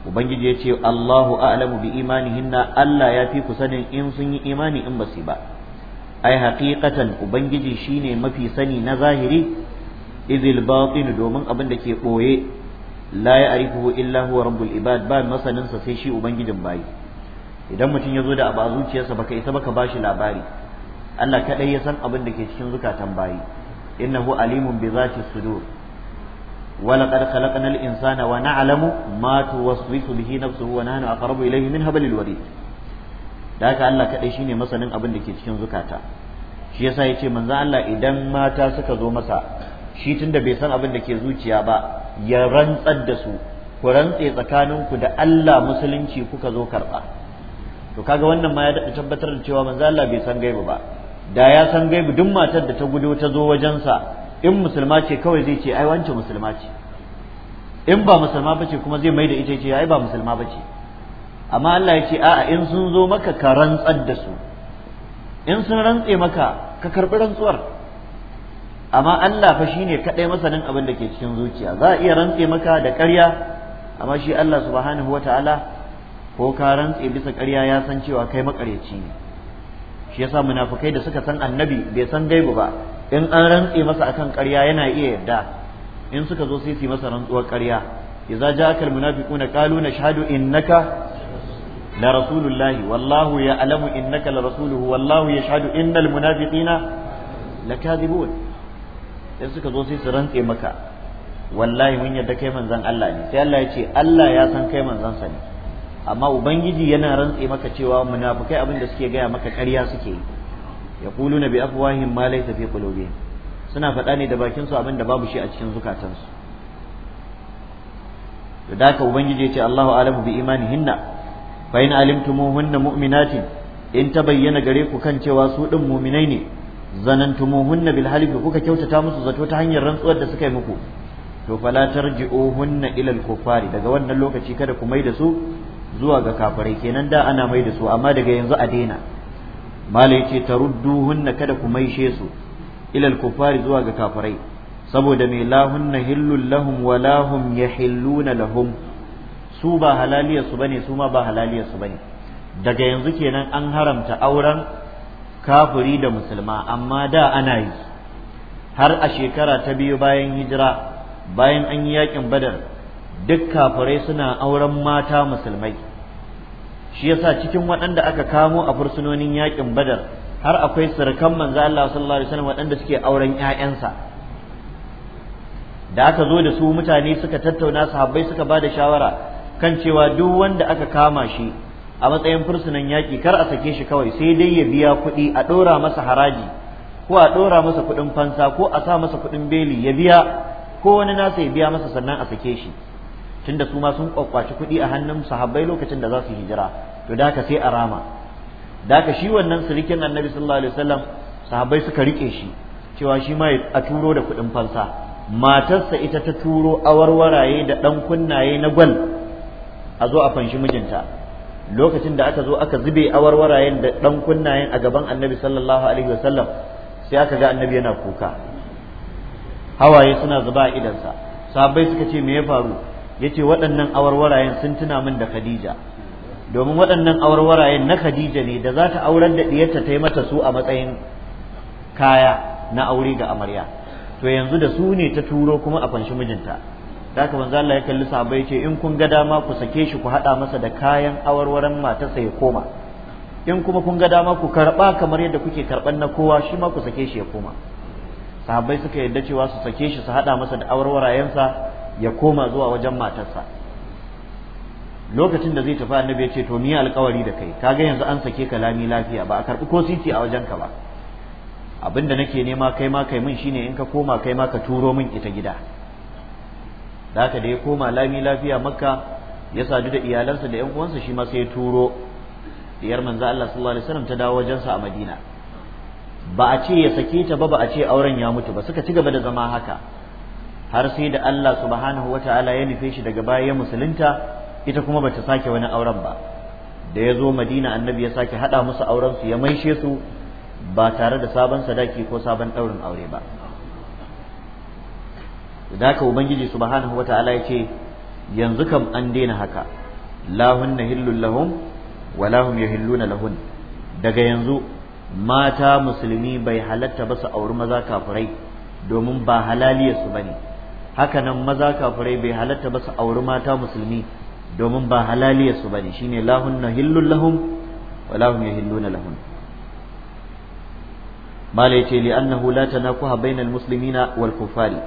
ubangiji ya ce Allahu a'lamu bi hinna Allah ya fi ku sanin in sun yi imani in basu ba ai haqiqatan ubangiji shine mafi sani na zahiri izil batin domin abin da ke boye la arihu illa huwa rabbul ibad ba masanin sa sai shi ubangijin bayi idan mutum ya zo da abu a zuciyarsa baka isa baka bashi labari Allah kadai ya san abin da ke cikin zukatan bayi innahu alimun bi zati sudur wa laqad khalaqna al-insana wa na'lamu ma tuwaswisu bihi nafsuhu wa nahnu aqrabu ilayhi min warid da haka Allah kadai shine masanin abin da ke cikin zukata shi yasa yace manzo Allah idan mata suka zo masa shi tunda bai san abin da ke zuciya ba ya rantsar da su ku rantse tsakaninku da Allah musulunci kuka zo karba to kaga wannan ma ya daɗa tabbatar da cewa manzo Allah bai san gaibu ba da ya san gaibu duk matar da ta gudo ta zo wajensa in musulma ce kawai zai ce ai wance musulma ce in ba musulma ba ce kuma zai mai da ita ce ai ba musulma ba ce amma Allah ya ce a'a in sun zo maka ka rantsar da su in sun rantse maka ka karɓi rantsuwar amma Allah fa shine kadai masanin abin da ke cikin zuciya za a iya rantse maka da ƙarya amma shi Allah subhanahu wataala ko ka rantse bisa ƙarya ya san cewa kai makareci ne shi yasa munafukai da suka san annabi bai san gaibu ba in an rantse masa akan ƙarya yana iya yarda in suka zo sai su masa rantsuwar ƙarya idza ja'akal munafiquna qalu nashhadu innaka la rasulullahi wallahu ya'lamu innaka la rasuluhu wallahu yashhadu innal munafiqina lakadibun In suka zo sai su rantse maka wallahi mun yarda kai manzon Allah ne sai Allah ya ce Allah ya san kai manzon sa ne amma ubangiji yana rantse maka cewa munafukai abin da suke gaya maka ƙarya suke yi yaquluna bi afwahim ma laysa fi qulubihim suna faɗa ne da bakin su abin da babu shi a cikin zukatansu da haka ubangiji ya ce Allahu alamu bi imanihinna fa in alimtumuhunna mu'minatin in ta bayyana gare ku kan cewa su din mu'minai ne zanantumuhunna bil halifi kuka kyautata musu zato ta hanyar rantsuwar da suka yi muku to fala tarji'uhunna ila al kuffari daga wannan lokaci kada ku mai da su zuwa ga kafirai kenan da ana mai da su amma daga yanzu a daina malai ce tarudduhunna kada ku maishe su ilal kufari zuwa ga kafirai saboda mai lahunna hillul lahum wa lahum yahilluna lahum su ba halaliyar su bane su ma ba halaliyar su bane daga yanzu kenan an haramta auren kafiri da musulma amma da ana yi har a shekara ta biyu bayan hijira bayan an yi yakin badar duk kafirai suna auren mata musulmai shi yasa cikin waɗanda aka kamo a fursunonin yakin badar har akwai sirkan manzo Allah sallallahu alaihi wasallam waɗanda suke auren ƴaƴansa da aka zo da su mutane suka tattauna sahabbai suka ba da shawara kan cewa duk wanda aka kama shi a matsayin fursunan yaki kar a sake shi kawai sai dai ya biya kuɗi a ɗora masa haraji ko a ɗora masa kuɗin fansa ko a sa masa kuɗin beli ya biya ko wani nasa ya biya masa sannan a sake shi tunda su ma sun kwakwaci kuɗi a hannun sahabbai lokacin da za su hijira to da ka sai a rama da ka shi wannan sirikin annabi sallallahu alaihi wasallam sahabbai suka rike shi cewa shi ma a turo da kuɗin fansa matarsa ita ta turo awarwaraye da ɗan kunnaye na gwal a zo a fanshi mijinta lokacin da aka zo aka zube awarwarayen da ɗan kunnayen a gaban annabi sallallahu alaihi wasallam sai aka ga annabi yana kuka hawaye suna zuba a idansa sahabbai suka ce me ya faru yace waɗannan awarwarayen sun tuna min da Khadija domin waɗannan awarwarayen na Khadija ne da za ta aurar da diyarta ta yi mata su a matsayin kaya na aure ga amarya to yanzu da su ne ta turo kuma a fanshi mijinta haka manzo Allah ya kalli sahabbai yace in kun ga dama ku sake shi ku hada masa da kayan awarwaran matarsa ya koma in kuma kun ga dama ku karba kamar yadda kuke karban na kowa shi ma ku sake shi ya koma sahabbai suka yarda cewa su sake shi su haɗa masa da awarwarayensa ya koma zuwa wajen matarsa lokacin da zai tafi annabi ya ce to ni alkawari da kai kaga yanzu an sake ka lami lafiya ba a karbi ko siti a wajen ka ba abin da nake nema kai ma kai min shine in ka koma kai ma ka turo min ita gida zaka da ya koma lami lafiya makka ya sadu da iyalansa da yan uwansa shi ma sai ya turo diyar manzo Allah sallallahu alaihi wasallam ta dawo wajensa a Madina ba a ce ya sake ta ba ba a ce auren ya mutu ba suka ci gaba da zama haka har sai da Allah subhanahu wa ta'ala ya nufe shi daga baya musulunta ita kuma bata sake wani auren ba da ya zo Madina annabi ya sake haɗa musu auren su ya maishe su ba tare da sabon sadaki ko sabon daurin aure ba da haka ubangiji subhanahu wa ta'ala ya ce yanzu kam an daina haka na hillul lahum wa ya yahilluna lahun daga yanzu mata musulmi bai halatta ba su auri maza kafurai domin ba halaliyarsu ba ne haka nan maza kafirai bai halatta ba su auri mata musulmi domin ba ne. shi bane shine lahunna hillul lahun wa lahum na lahun mala yace li annahu la tanakuha bainal musulmi wal kufari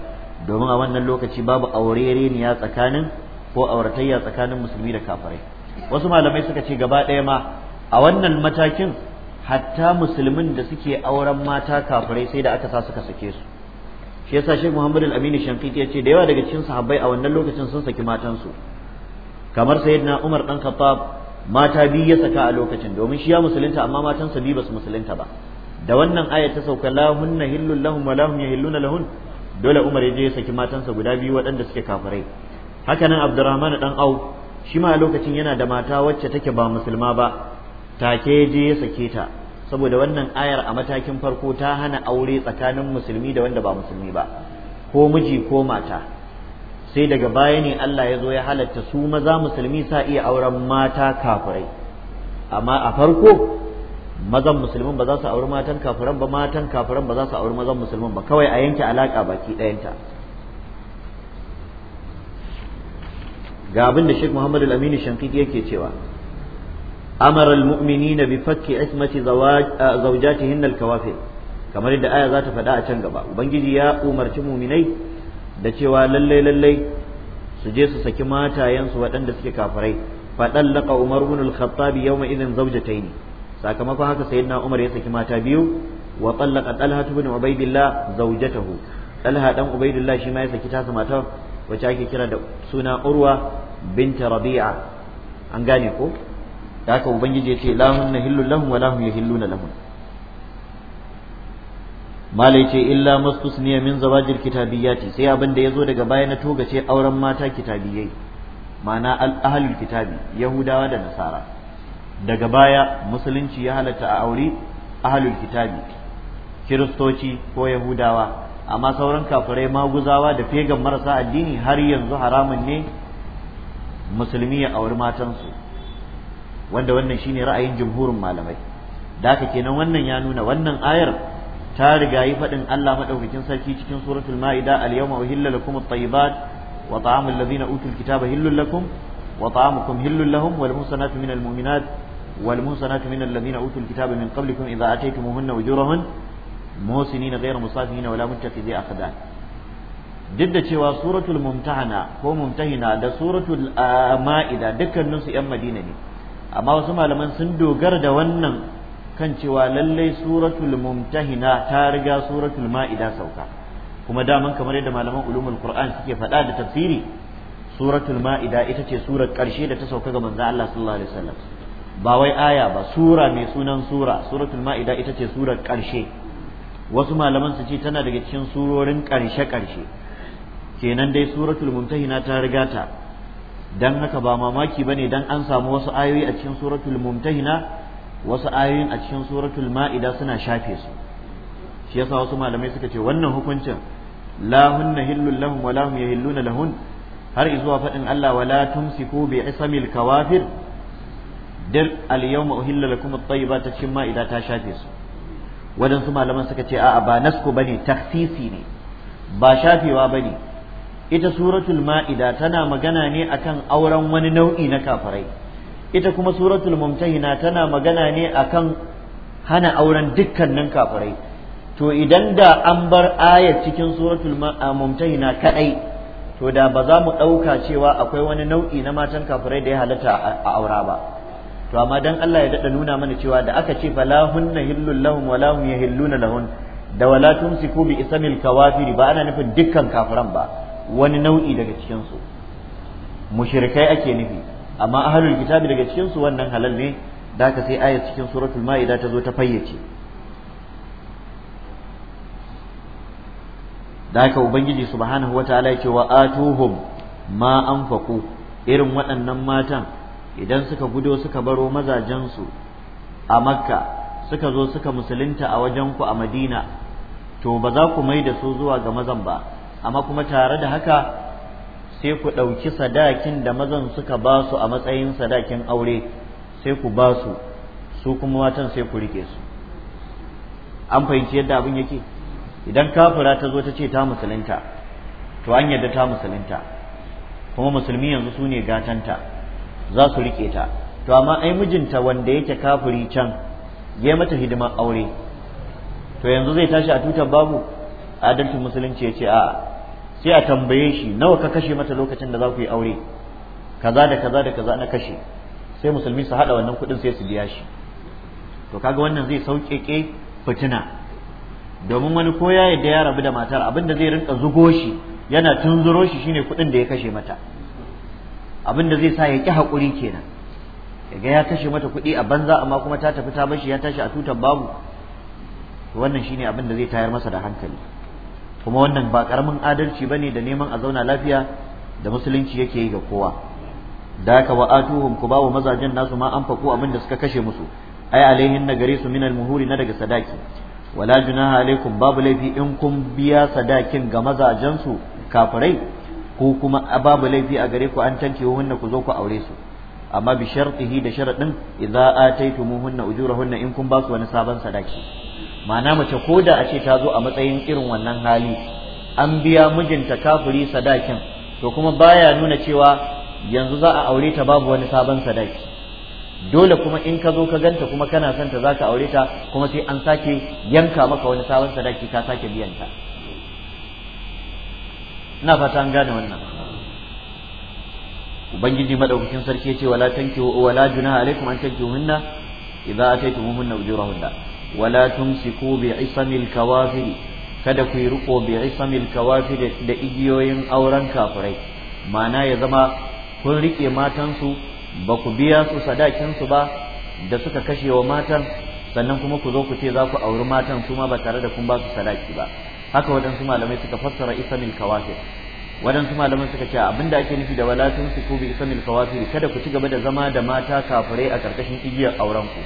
domin a wannan lokaci babu aurereniya tsakanin ko auratayya tsakanin musulmi da kafirai wasu malamai suka ce gaba ɗaya ma a wannan matakin hatta musulmin da suke auren mata kafirai sai da aka sa suka sake su shi yasa shi Muhammad Al-Amin Shankiti yace da yawa daga cikin sahabbai a wannan lokacin sun saki matansu kamar sayyidina Umar dan Khattab mata biyu ya saka a lokacin domin shi ya musulunta amma matansa biyu basu musulunta ba da wannan aya ta sauka lahunna hillul lahum wa lahum yahilluna lahun dole Umar ya je ya saki matansa guda biyu waɗanda suke kafirai hakanan Abdurrahman dan Au shi ma a lokacin yana da mata wacce take ba musulma ba take je ya sake ta saboda wannan ayar a matakin farko ta hana aure tsakanin musulmi da wanda ba musulmi ba ko miji ko mata sai daga baya ne Allah ya zo ya halatta su maza musulmi sa iya auren mata kafirai amma a farko mazan musulmin ba za su auri matan kafiran ba matan kafiran ba za su auri mazan musulmin ba kawai a yanke alaka baki ɗayanta ga abin da Sheikh Muhammad Al-Amin yake cewa amara na bi fakki ismati zawjatihin alkawafir kamar yadda aya zata ta faɗa a can gaba ubangiji ya umarci muminai da cewa lallai lallai su je su saki matayensu waɗanda suke kafirai faɗan laƙa umar ibn al-khattab yawma idin zawjatayn sakamakon haka sayyidina umar ya saki mata biyu wa tallaqa talha ibn ubaidillah zawjatahu talha dan ubaidillah shi ma ya saki tasa mata wacce ake kira da suna urwa binta rabi'a an gane ko da haka ubangiji ya ce la hunna hillul lahum wa la hum yahilluna lahum malai ce illa ne min zawajir kitabiyati sai abin da yazo daga baya na toga ce auren mata kitabiyai ma'ana ahlul kitabi yahudawa da nasara daga baya musulunci ya halatta a aure ahlul kitabi kiristoci ko yahudawa amma sauran kafirai maguzawa da fegan marasa addini har yanzu haramun ne musulmi ya auri matansu wanda wannan shine ra'ayin jumhurin malamai da haka kenan wannan ya nuna wannan ayar ta riga yi faɗin Allah madaukakin sarki cikin suratul ma'ida al-yawma uhilla lakum at-tayyibat wa ta'amul ladina utul kitaba hillul lakum wa ta'amukum hillul lahum wal minal mu'minat wal minal utul kitaba min qablikum idza ataytumuhunna ujurahun ghayra duk da cewa suratul mumtahana ko mumtahina da suratul ah, ma'ida dukkaninsu 'yan madina ne amma wasu malaman sun dogara da wannan kan cewa lallai suratul mumtahina ta riga suratul ma'ida sauka kuma daman kamar yadda malaman ulumul qur'an suke faɗa da tafsiri suratul ma'ida ita ce surar ƙarshe da ta sauka ga manzo Allah sallallahu alaihi wasallam ba wai aya ba sura mai sunan sura suratul ma'ida ita ce surar ƙarshe wasu malaman su ce tana daga cikin surorin ƙarshe ƙarshe kenan dai suratul mumtahina ta riga ta dan haka ba mamaki bane dan an samu wasu ayoyi a cikin suratul mumtahina wasu ayoyin a cikin suratul ma'ida suna shafe su shi yasa wasu malamai suka ce wannan hukuncin la hunna hillul lahum wa lahum yahilluna lahun har izuwa fadin Allah wala tumsiku bi isamil kawafir dal al yawma uhilla lakum at-tayyibat cikin ma'ida ta shafe su wadansu malaman suka ce a'a ba nasku bane taksisi ne ba shafewa bane ita suratul ma'ida tana magana ne akan auren wani nau'i na kafirai ita kuma suratul mumtahina tana magana ne akan hana auren dukkanin kafirai to idan da an bar ayat cikin suratul mumtahina kadai to da ba za mu ɗauka cewa akwai wani nau'i na matan kafirai da ya halatta a aura ba to amma dan Allah ya dada nuna mana cewa da aka ce fala hunna hillul lahum wa lahum yahilluna lahun da wala tumsiku bi ismil kawafiri ba ana nufin dukkan kafiran ba wani nau'i daga cikinsu su mushrikai ake nufi amma ahlul kitabi daga cikinsu wannan halal ne da ka sai ayat cikin suratul ma'ida ta zo ta fayyace da ka ubangiji subhanahu wataala yake wa atuhum ma anfaqu irin waɗannan matan idan suka gudo suka baro mazajensu a makka suka zo suka musulunta a wajen ku a madina to ba za ku mai da su zuwa ga mazan ba amma kuma tare da haka sai ku ɗauki sadakin da mazan suka ba su a matsayin sadakin aure sai ku ba su su kuma matan sai ku rike su an fahimci yadda abin yake idan kafira ta zo ta ce ta musulunta to an yadda ta musulunta kuma musulmi yanzu su ne gatanta za su rike ta to amma ai mijinta wanda yake kafuri can ya mata hidimar aure to yanzu zai tashi a tutar babu adalcin musulunci ya ce a sai a tambaye shi nawa ka kashe mata lokacin da za ku yi aure kaza da kaza da kaza na kashe sai musulmi su haɗa wannan kuɗin sai su biya shi to kaga wannan zai sauƙeƙe fitina domin wani ko ya yadda ya rabu da matar abin da zai rinka zugo shi yana tunzuro shi shine kudin da ya kashe mata abin da zai sa ya ki hakuri kenan kaga ya kashe mata kuɗi a banza amma kuma ta tafi ta bashi ya tashi a tutar babu wannan shine abin da zai tayar masa da hankali kuma wannan ba karamin adalci bane da neman a zauna lafiya da musulunci yake yi ga kowa da haka wa atuhum ku bawo mazajen nasu ma an faku abin da suka kashe musu ai alaihin na gare su minal muhuri na daga sadaki wala junaha alaikum babu laifi in kun biya sadakin ga mazajen su kafirai ko kuma babu laifi a gare ku an tanke hunna ku zo ku aure su amma bi shartihi da sharadin idza ataytumuhunna ujurahunna in kun ba su wani sabon sadaki ma'ana mace ko da a ce ta zo a matsayin irin wannan hali an biya mijinta kafuri sadakin to kuma baya nuna cewa yanzu za a aure ta babu wani sabon sadaki dole kuma in ka zo ka ganta kuma kana son ta zaka aure ta kuma sai an sake yanka maka wani sabon sadaki ka sake biyan ta ina fata an gane wannan ubangiji madaukakin sarki yace wala tankihu wala junaha alaikum an tankihunna idza ataytumuhunna ujurahunna wala تمسكوا bi isamil kada ku yi riko bi isamil kawafiri da igiyoyin auren kafirai mana ya zama kun rike matansu ba ku biya su sadakinsu ba da suka kashe wa matan sannan kuma ku zo ku ce za ku auri matan su ma ba tare da kun ba su sadaki ba haka waɗansu malamai suka fassara isamil kawafir waɗansu malamai suka ce abinda ake nufi da walatun su ku bi isamil kawafir kada ku ci gaba da zama da mata kafirai a ƙarƙashin igiyar auren ku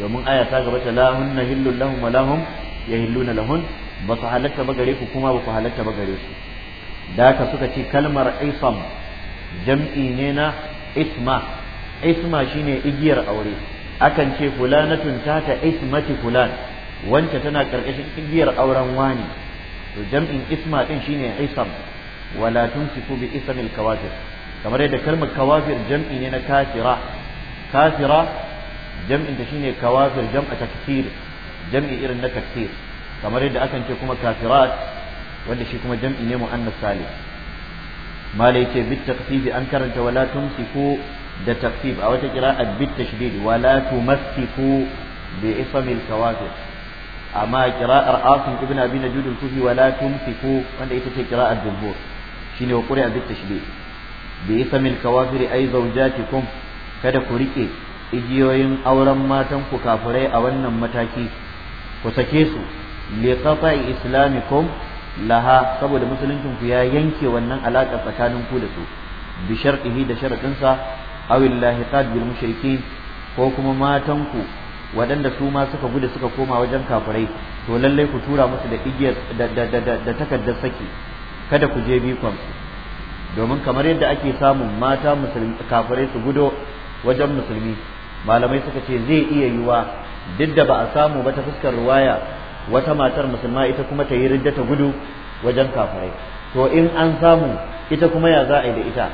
domin aya ta gaba ta lahun na hillun lahum wa lahum ya hilluna lahun ba su halatta ba gare ku kuma ba ku halatta ba gare su da haka suka ce kalmar isam jam'i ne na isma isma shine igiyar aure akan ce fulanatun ta ta ismati fulan wanta tana karkashin igiyar auren wani to jam'in isma din shine isam wala tumsiku bi isamil kawafir kamar yadda kalmar kawafir jam'i ne na kafira kafira jam'in ta shine kawafir jam'a takfir jam'i irin na takfir kamar yadda akan ce kuma kafirat wanda shi kuma jam'i ne mu'annas salih malai ce bit takfif an karanta wala tumsiku da takfif a wata qira'a bit tashdid wala tumassiku bi ismil kawafir amma qira'ar asim ibn abi najud al-kufi wala tumsiku wanda ita ce qira'ar jumhur shine wa qira'a bit tashdid bi ismil kawafir ay zawjatikum kada ku rike igiyoyin auren matan ku kafirai a wannan mataki ku sake su li qata'i islamikum laha saboda musuluncin ku ya yanke wannan alaka tsakanin ku da su bi shartihi da sharadin sa aw illahiqat bil mushrikin ko kuma matan ku waɗanda su ma suka gudu suka koma wajen kafirai to lallai ku tura musu da igiyar da takardar saki kada ku je bikon su domin kamar yadda ake samun mata kafirai su gudo wajen musulmi malamai suka ce zai iya yiwa duk da ba a samu ba ta fuskar ruwaya wata matar musulma ita kuma ta yi ridda ta gudu wajen kafirai to in an samu ita kuma ya za a yi da ita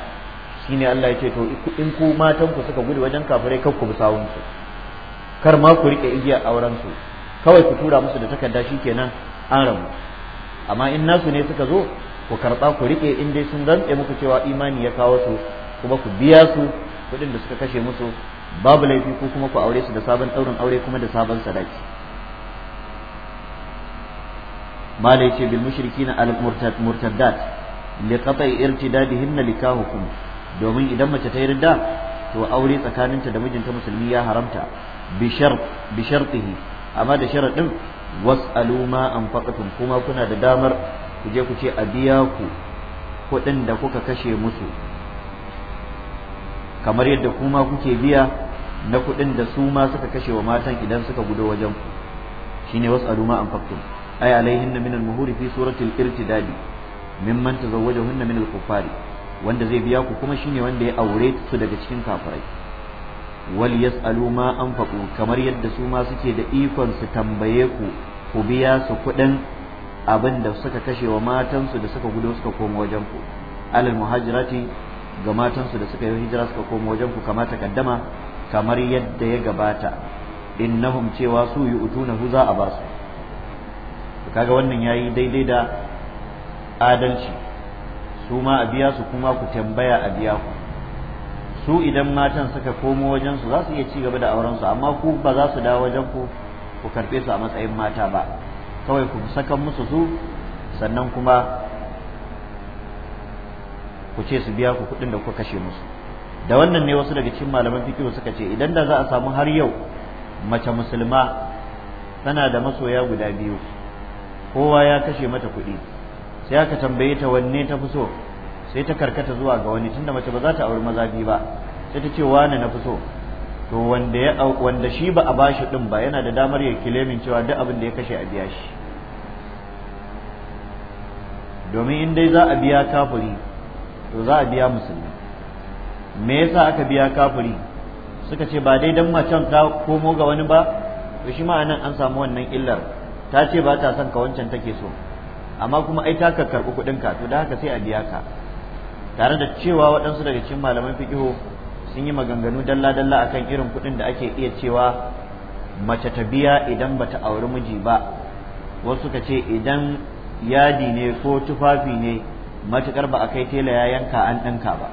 shine Allah ya ce to in ku matan ku suka gudu wajen kafirai kar ku bi sawun su kar ma ku rike igiyar auren su kawai ku tura musu da takarda shikenan an rabu amma in nasu ne suka zo ku karba ku rike in dai sun rantse muku cewa imani ya kawo su kuma ku biya su kuɗin da suka kashe musu babu laifi ko kuma ku aure su da sabon ɗaurin aure kuma da sabon sadaki malai ce bil mushrikina al murtaddat li qata'i irtidadihinna likahukum domin idan mace ta yarda to aure tsakaninta da mijinta musulmi ya haramta bi shart bi shartihi amma da sharadin was'alu ma anfaqatum kuma kuna da damar ku je ku ce a biya ku kuɗin da kuka kashe musu kamar yadda kuma kuke biya na kuɗin da su ma suka kashe wa matan idan suka gudo wajen ku shine was'alu ma anfaqtum ay alaihin min al-muhuri fi surati al-irtidadi mimman tazawwajahunna min al-kuffari wanda zai biya ku kuma shine wanda ya aure su daga cikin kafirai wal yas'alu ma anfaqu kamar yadda su ma suke da ikon su tambaye ku ku biya su kuɗin abin da suka kashe wa matansu da suka gudo suka koma wajen ku alal muhajirati ga matansu da suka yi hijira suka koma wajen ku kamata kaddama. kamar yadda ya gabata innahum cewa su yu'tunahu za a basu su kaga wannan yayi daidai da adalci su ma a biya su kuma ku tambaya a biya ku su idan matan suka komo wajen su za su iya ci gaba da auren su amma ku ba za su dawo wajen ku ku karbe su a matsayin mata ba kawai ku saka musu su sannan kuma ku ce su biya ku kuɗin da kuka kashe musu da wannan ne wasu daga cikin malaman fikihu suka ce idan da za a samu har yau mace musulma tana da masoya guda biyu kowa ya kashe mata kuɗi sai aka tambaye ta wanne ta fi so sai ta karkata zuwa ga wani tunda mace ba za ta auri maza biyu ba sai ta ce wane na fi so to wanda ya wanda shi ba a bashi din ba yana da damar ya kilemin cewa duk abin da ya kashe a biya shi domin in dai za a biya kafuri to za a biya musulmi me yasa aka biya kafuri suka ce ba dai dan macen ta komo ga wani ba to shi ma an samu wannan illar ta ce ba ta son ka wancan take so amma kuma ai ta karɓi kuɗin ka to da haka sai a biya ka tare da cewa waɗansu daga cikin malaman fiqihu sun yi maganganu dalla dalla akan irin kuɗin da ake iya cewa mace ta biya idan bata auri miji ba wasu suka ce idan yadi ne ko tufafi ne matukar ba a kai tela ya yanka an ɗinka ba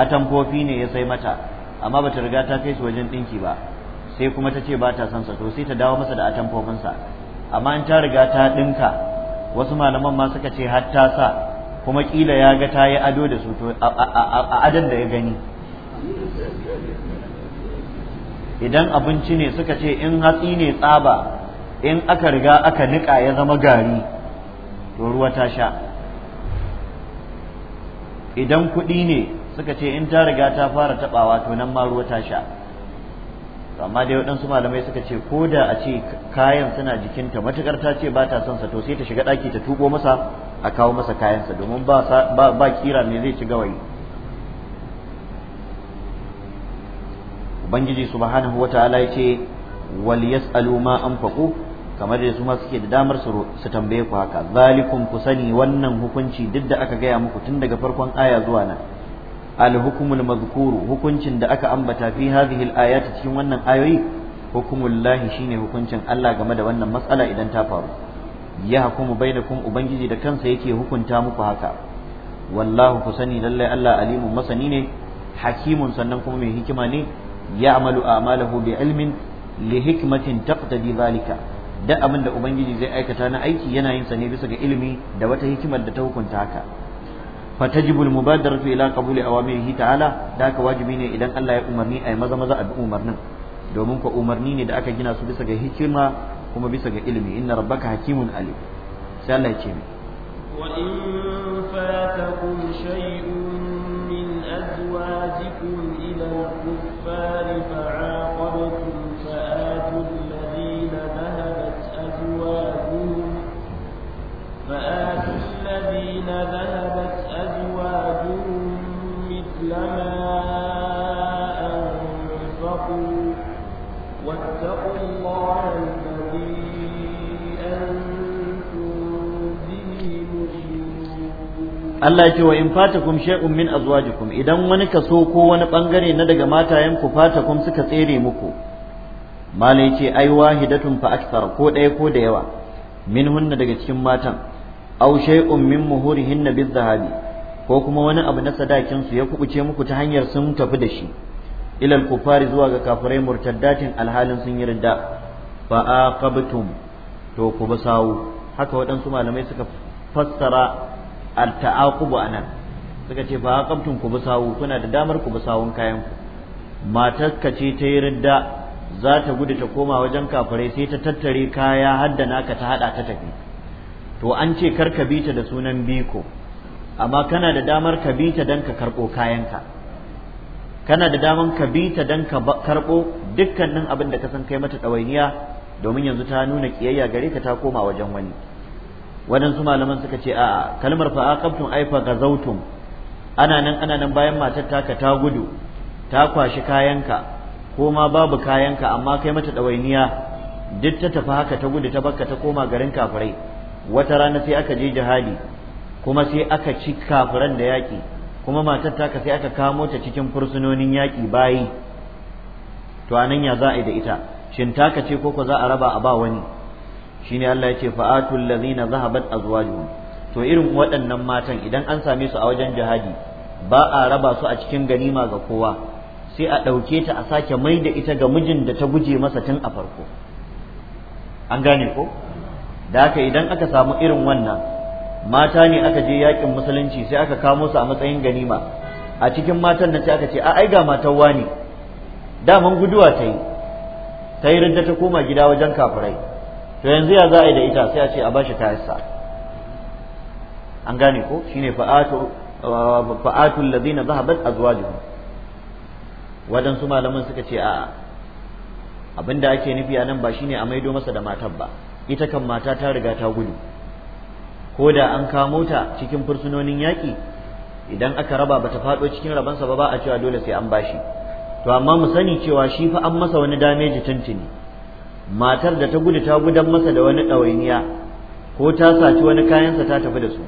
atamfofi ne ya sai mata amma bata riga ta kai shi wajen dinki ba sai kuma ta ce ba ta son sa to sai ta dawo masa da atamfofinsa amma in ta riga ta dinka wasu malaman ma suka ce har ta sa kuma kila ya ga ta yi ado da su to a adan da ya gani idan abinci ne suka ce in hatsi ne tsaba in aka riga aka niƙa ya zama gari to ruwa ta sha idan kuɗi ne suka ce in ta riga ta fara tabawa to nan ma ruwa ta sha amma dai waɗansu malamai suka ce ko da a ce kayan suna jikinta matukar ta ce ba ta son sa to sai ta shiga ɗaki ta tubo masa a kawo masa kayansa domin ba kira me zai ci gawayi ubangiji subhanahu wataala yace wal yasalu ma anfaqu kamar da su ma suke da damar su su tambaye ku haka zalikum ku sani wannan hukunci duk da aka gaya muku tun daga farkon aya zuwa nan alhukumul المذكور hukuncin da aka ambata fi hadhihi al ta cikin wannan ayoyi hukumullahi shine hukuncin Allah game da wannan matsala idan ta faru ya hukumu kuma ubangiji da kansa yake hukunta muku haka wallahu ku sani lalle Allah alimun masani ne hakimin sannan kuma mai hikima ne ya'malu a'malahu bi ilmin li hikmatin taqtadi zalika da abin da ubangiji zai aikata na aiki yana yin sa ne bisa ga ilimi da wata hikimar da ta hukunta haka fatajibu al-mubadaratu ila qabuli awamirihi ta'ala da haka wajibi ne idan Allah ya umarni ay maza maza a bi umarnin domin ko umarni ne da aka gina su bisa ga hikima kuma bisa ga ilimi inna rabbaka hakimun alim sai Allah ya ce mi wa in fatakum shay'un min azwajikum ila al-kuffari fa'a Allah ya ce wa in fatakum shay'un min azwajikum idan wani kaso ko wani bangare na daga matayen ku fatakum suka tsere muku malai ce ai wahidatun fa akthar ko daya ko da yawa minhunna daga cikin matan aw shay'un min muhurihinna zahabi. ko kuma wani abu na sadakin su ya kubuce muku ta hanyar sun tafi da shi ilal kufari zuwa ga kafirai murtaddatin alhalin sun yi ridda fa aqabtum to ku basawu haka waɗansu malamai suka fassara at-ta'aqubu anan suka ce fa aqabtum ku sawu kuna da damar ku sawun kayan ku matar ka ce ta yi ridda za ta gudu ta koma wajen kafirai sai ta tattare kaya har da naka ta hada ta tafi to an ce kar ka bita da sunan biko amma kana da damar ka bita dan ka karbo kayanka kana da damar ka bita dan ka karbo dukkanin abin da ka san kai mata ɗawainiya domin yanzu ta nuna kiyayya gare ka ta koma wajen wani waɗansu malaman suka ce a'a kalmar fa aqabtum ai fa gazautum ana nan ana nan bayan matar ka ta gudu ta kwashi kayanka ko ma babu kayanka amma kai mata ɗawainiya duk ta tafi haka ta gudu ta bakka ta koma garin kafirai wata rana sai aka je jihadi kuma sai aka ci kafiran da yaƙi kuma matar taka sai aka kamo ta cikin fursunonin yaƙi bayi to anan ya za a yi da ita shin taka ce ko ko za a raba a ba wani shine Allah ya ce fa'atul ladzina zahabat azwajuhum to irin waɗannan matan idan an same su a wajen jihadi ba a raba su a cikin ganima ga kowa sai a ɗauke ta a sake mai da ita ga mijin da ta guje masa tun a farko an gane ko da haka idan aka samu irin wannan mata ne aka je yakin musulunci sai aka kamo su a matsayin ganima a cikin matan nan sai aka ce a ai ga matan wani daman guduwa ta yi ta yi ta koma gida wajen kafirai to yanzu ya za a yi da ita sai a ce a bashi tayarsa an gane ko shine fa'atu alladhina dhahabat azwajuhum su malaman suka ce a abinda ake nufi a nan ba shine a maido masa da matar ba ita kan mata ta riga ta gudu ko da an kamo ta cikin fursunonin yaƙi idan aka raba bata faɗo cikin rabansa ba ba a cewa dole sai an bashi to amma mu sani cewa shi fa an masa wani dameji tuntuni matar da ta gudu ta gudan masa da wani ɗawainiya ko ta saci wani kayansa ta tafi da su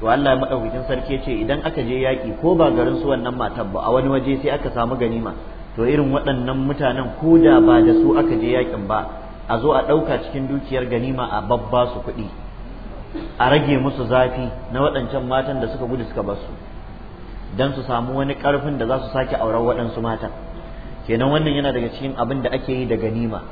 to Allah maɗaukakin sarki ce idan aka je yaƙi ko ba garin su wannan matar ba a wani waje sai aka samu ganima to irin waɗannan mutanen ko da ba da su aka je yaƙin ba a zo a ɗauka cikin dukiyar ganima a babba su kuɗi a rage musu zafi na waɗancan matan da suka gudu suka bar su don su samu wani ƙarfin da za su sake auren waɗansu matan kenan wannan yana daga cikin abin da ake yi da ganima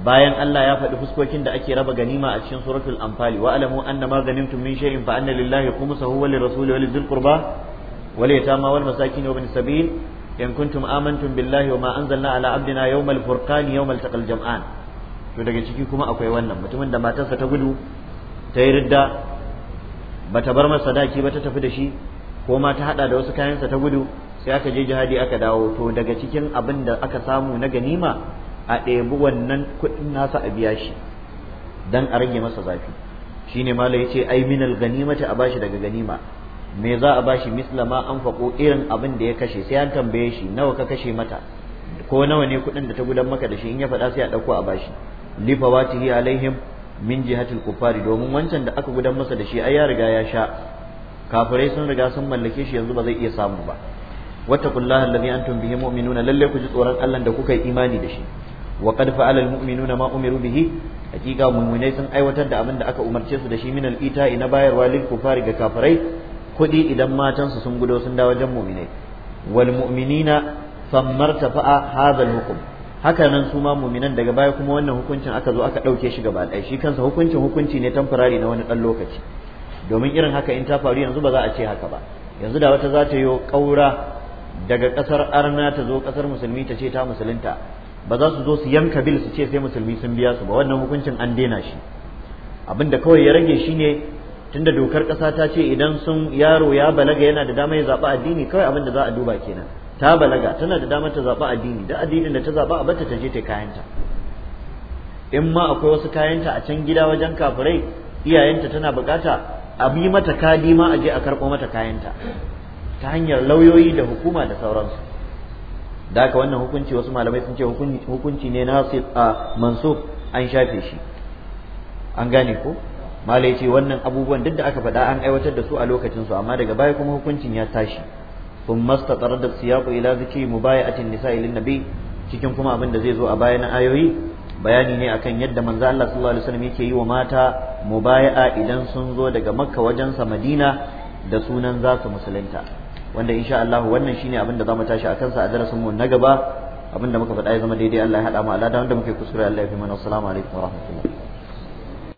bayan Allah ya faɗi fuskokin da ake raba ganima a cikin suratul anfali wa alamu anna ma ganimtum min shay'in fa anna lillahi khumsahu wa lirrasuli wa lidzil qurba wa liyatama wal masakin wa ibn sabil in kuntum amantum billahi wa ma anzalna ala abdina yawmal furqan yawmal taqal jam'an to daga ciki kuma akwai wannan mutumin da matarsa ta gudu ta yi ridda bata bar masa sadaki ba ta tafi da shi ko ma ta hada da wasu kayansa ta gudu sai aka je jihadi aka dawo to daga cikin abin da aka samu na ganima a ɗebi wannan kuɗin nasa a biya shi don a rage masa zafi Shi shine mala ce, ai minal gani mata a bashi daga ganima me za a bashi misla ma an faƙo irin abin da ya kashe sai an tambaye shi nawa ka kashe mata ko nawa ne kuɗin da ta gudan maka da shi in ya faɗa sai a ɗauko a bashi li fawatihi alaihim min jihatil kufari domin wancan da aka gudan masa da shi ai ya riga ya sha kafirai sun riga sun mallake shi yanzu ba zai iya samu ba Wata wattaqullaha allazi antum bihi mu'minuna lalle ku ji tsoron Allah da kuka yi imani da shi wa qad fa'ala almu'minuna ma umiru bihi hakika mu'minai sun aiwatar da abin da aka umarce su da shi min ita ina bayarwa lil kufari ga kafirai kuɗi idan su sun gudo sun dawo jan mu'minai wal mu'minina fammarta fa'a hadha al-hukm haka nan su ma mu'minan daga baya kuma wannan hukuncin aka zo aka ɗauke shi gaba ɗaya shi kansa hukuncin hukunci ne tamfarari na wani ɗan lokaci domin irin haka in ta faru yanzu ba za a ce haka ba yanzu da wata za ta yi ƙaura daga ƙasar arna ta zo ƙasar musulmi ta ce ta musulunta ba za su zo su yanka bil su ce sai musulmi sun biya su ba wannan hukuncin an daina shi abin da kawai ya rage shine tunda dokar kasa ta ce idan sun yaro ya balaga yana da damar ya zaɓi addini kawai abin da za a duba kenan ta balaga tana da damar ta zaɓi addini da addinin da ta zaɓa a bata ta je ta kayanta in ma akwai wasu kayanta a can gida wajen kafirai iyayenta tana bukata a bi mata kadi ma a je a karɓo mata kayanta ta hanyar lauyoyi da hukuma da sauransu da haka wannan hukunci wasu malamai sun ce hukunci ne na a mansub an shafe shi an gane ko malai ce wannan abubuwan duk da aka faɗa an aiwatar da su a lokacin su amma daga baya kuma hukuncin ya tashi kun mastatsar da siyaku ila zikri mubayatin nisa'i lin nabi cikin kuma abin da zai zo a baya na ayoyi bayani ne akan yadda manzo Allah sallallahu alaihi wasallam yake yi wa mata mubaya'a idan sun zo daga makka wajen sa madina da sunan za su musulunta wanda insha Allah wannan shine abin da zamu tashi akan sa a darasinmu mu na gaba abin da muka faɗa ya zama daidai Allah ya haɗa mu da wanda muke kuskure Allah ya fi mana assalamu alaikum wa rahmatullahi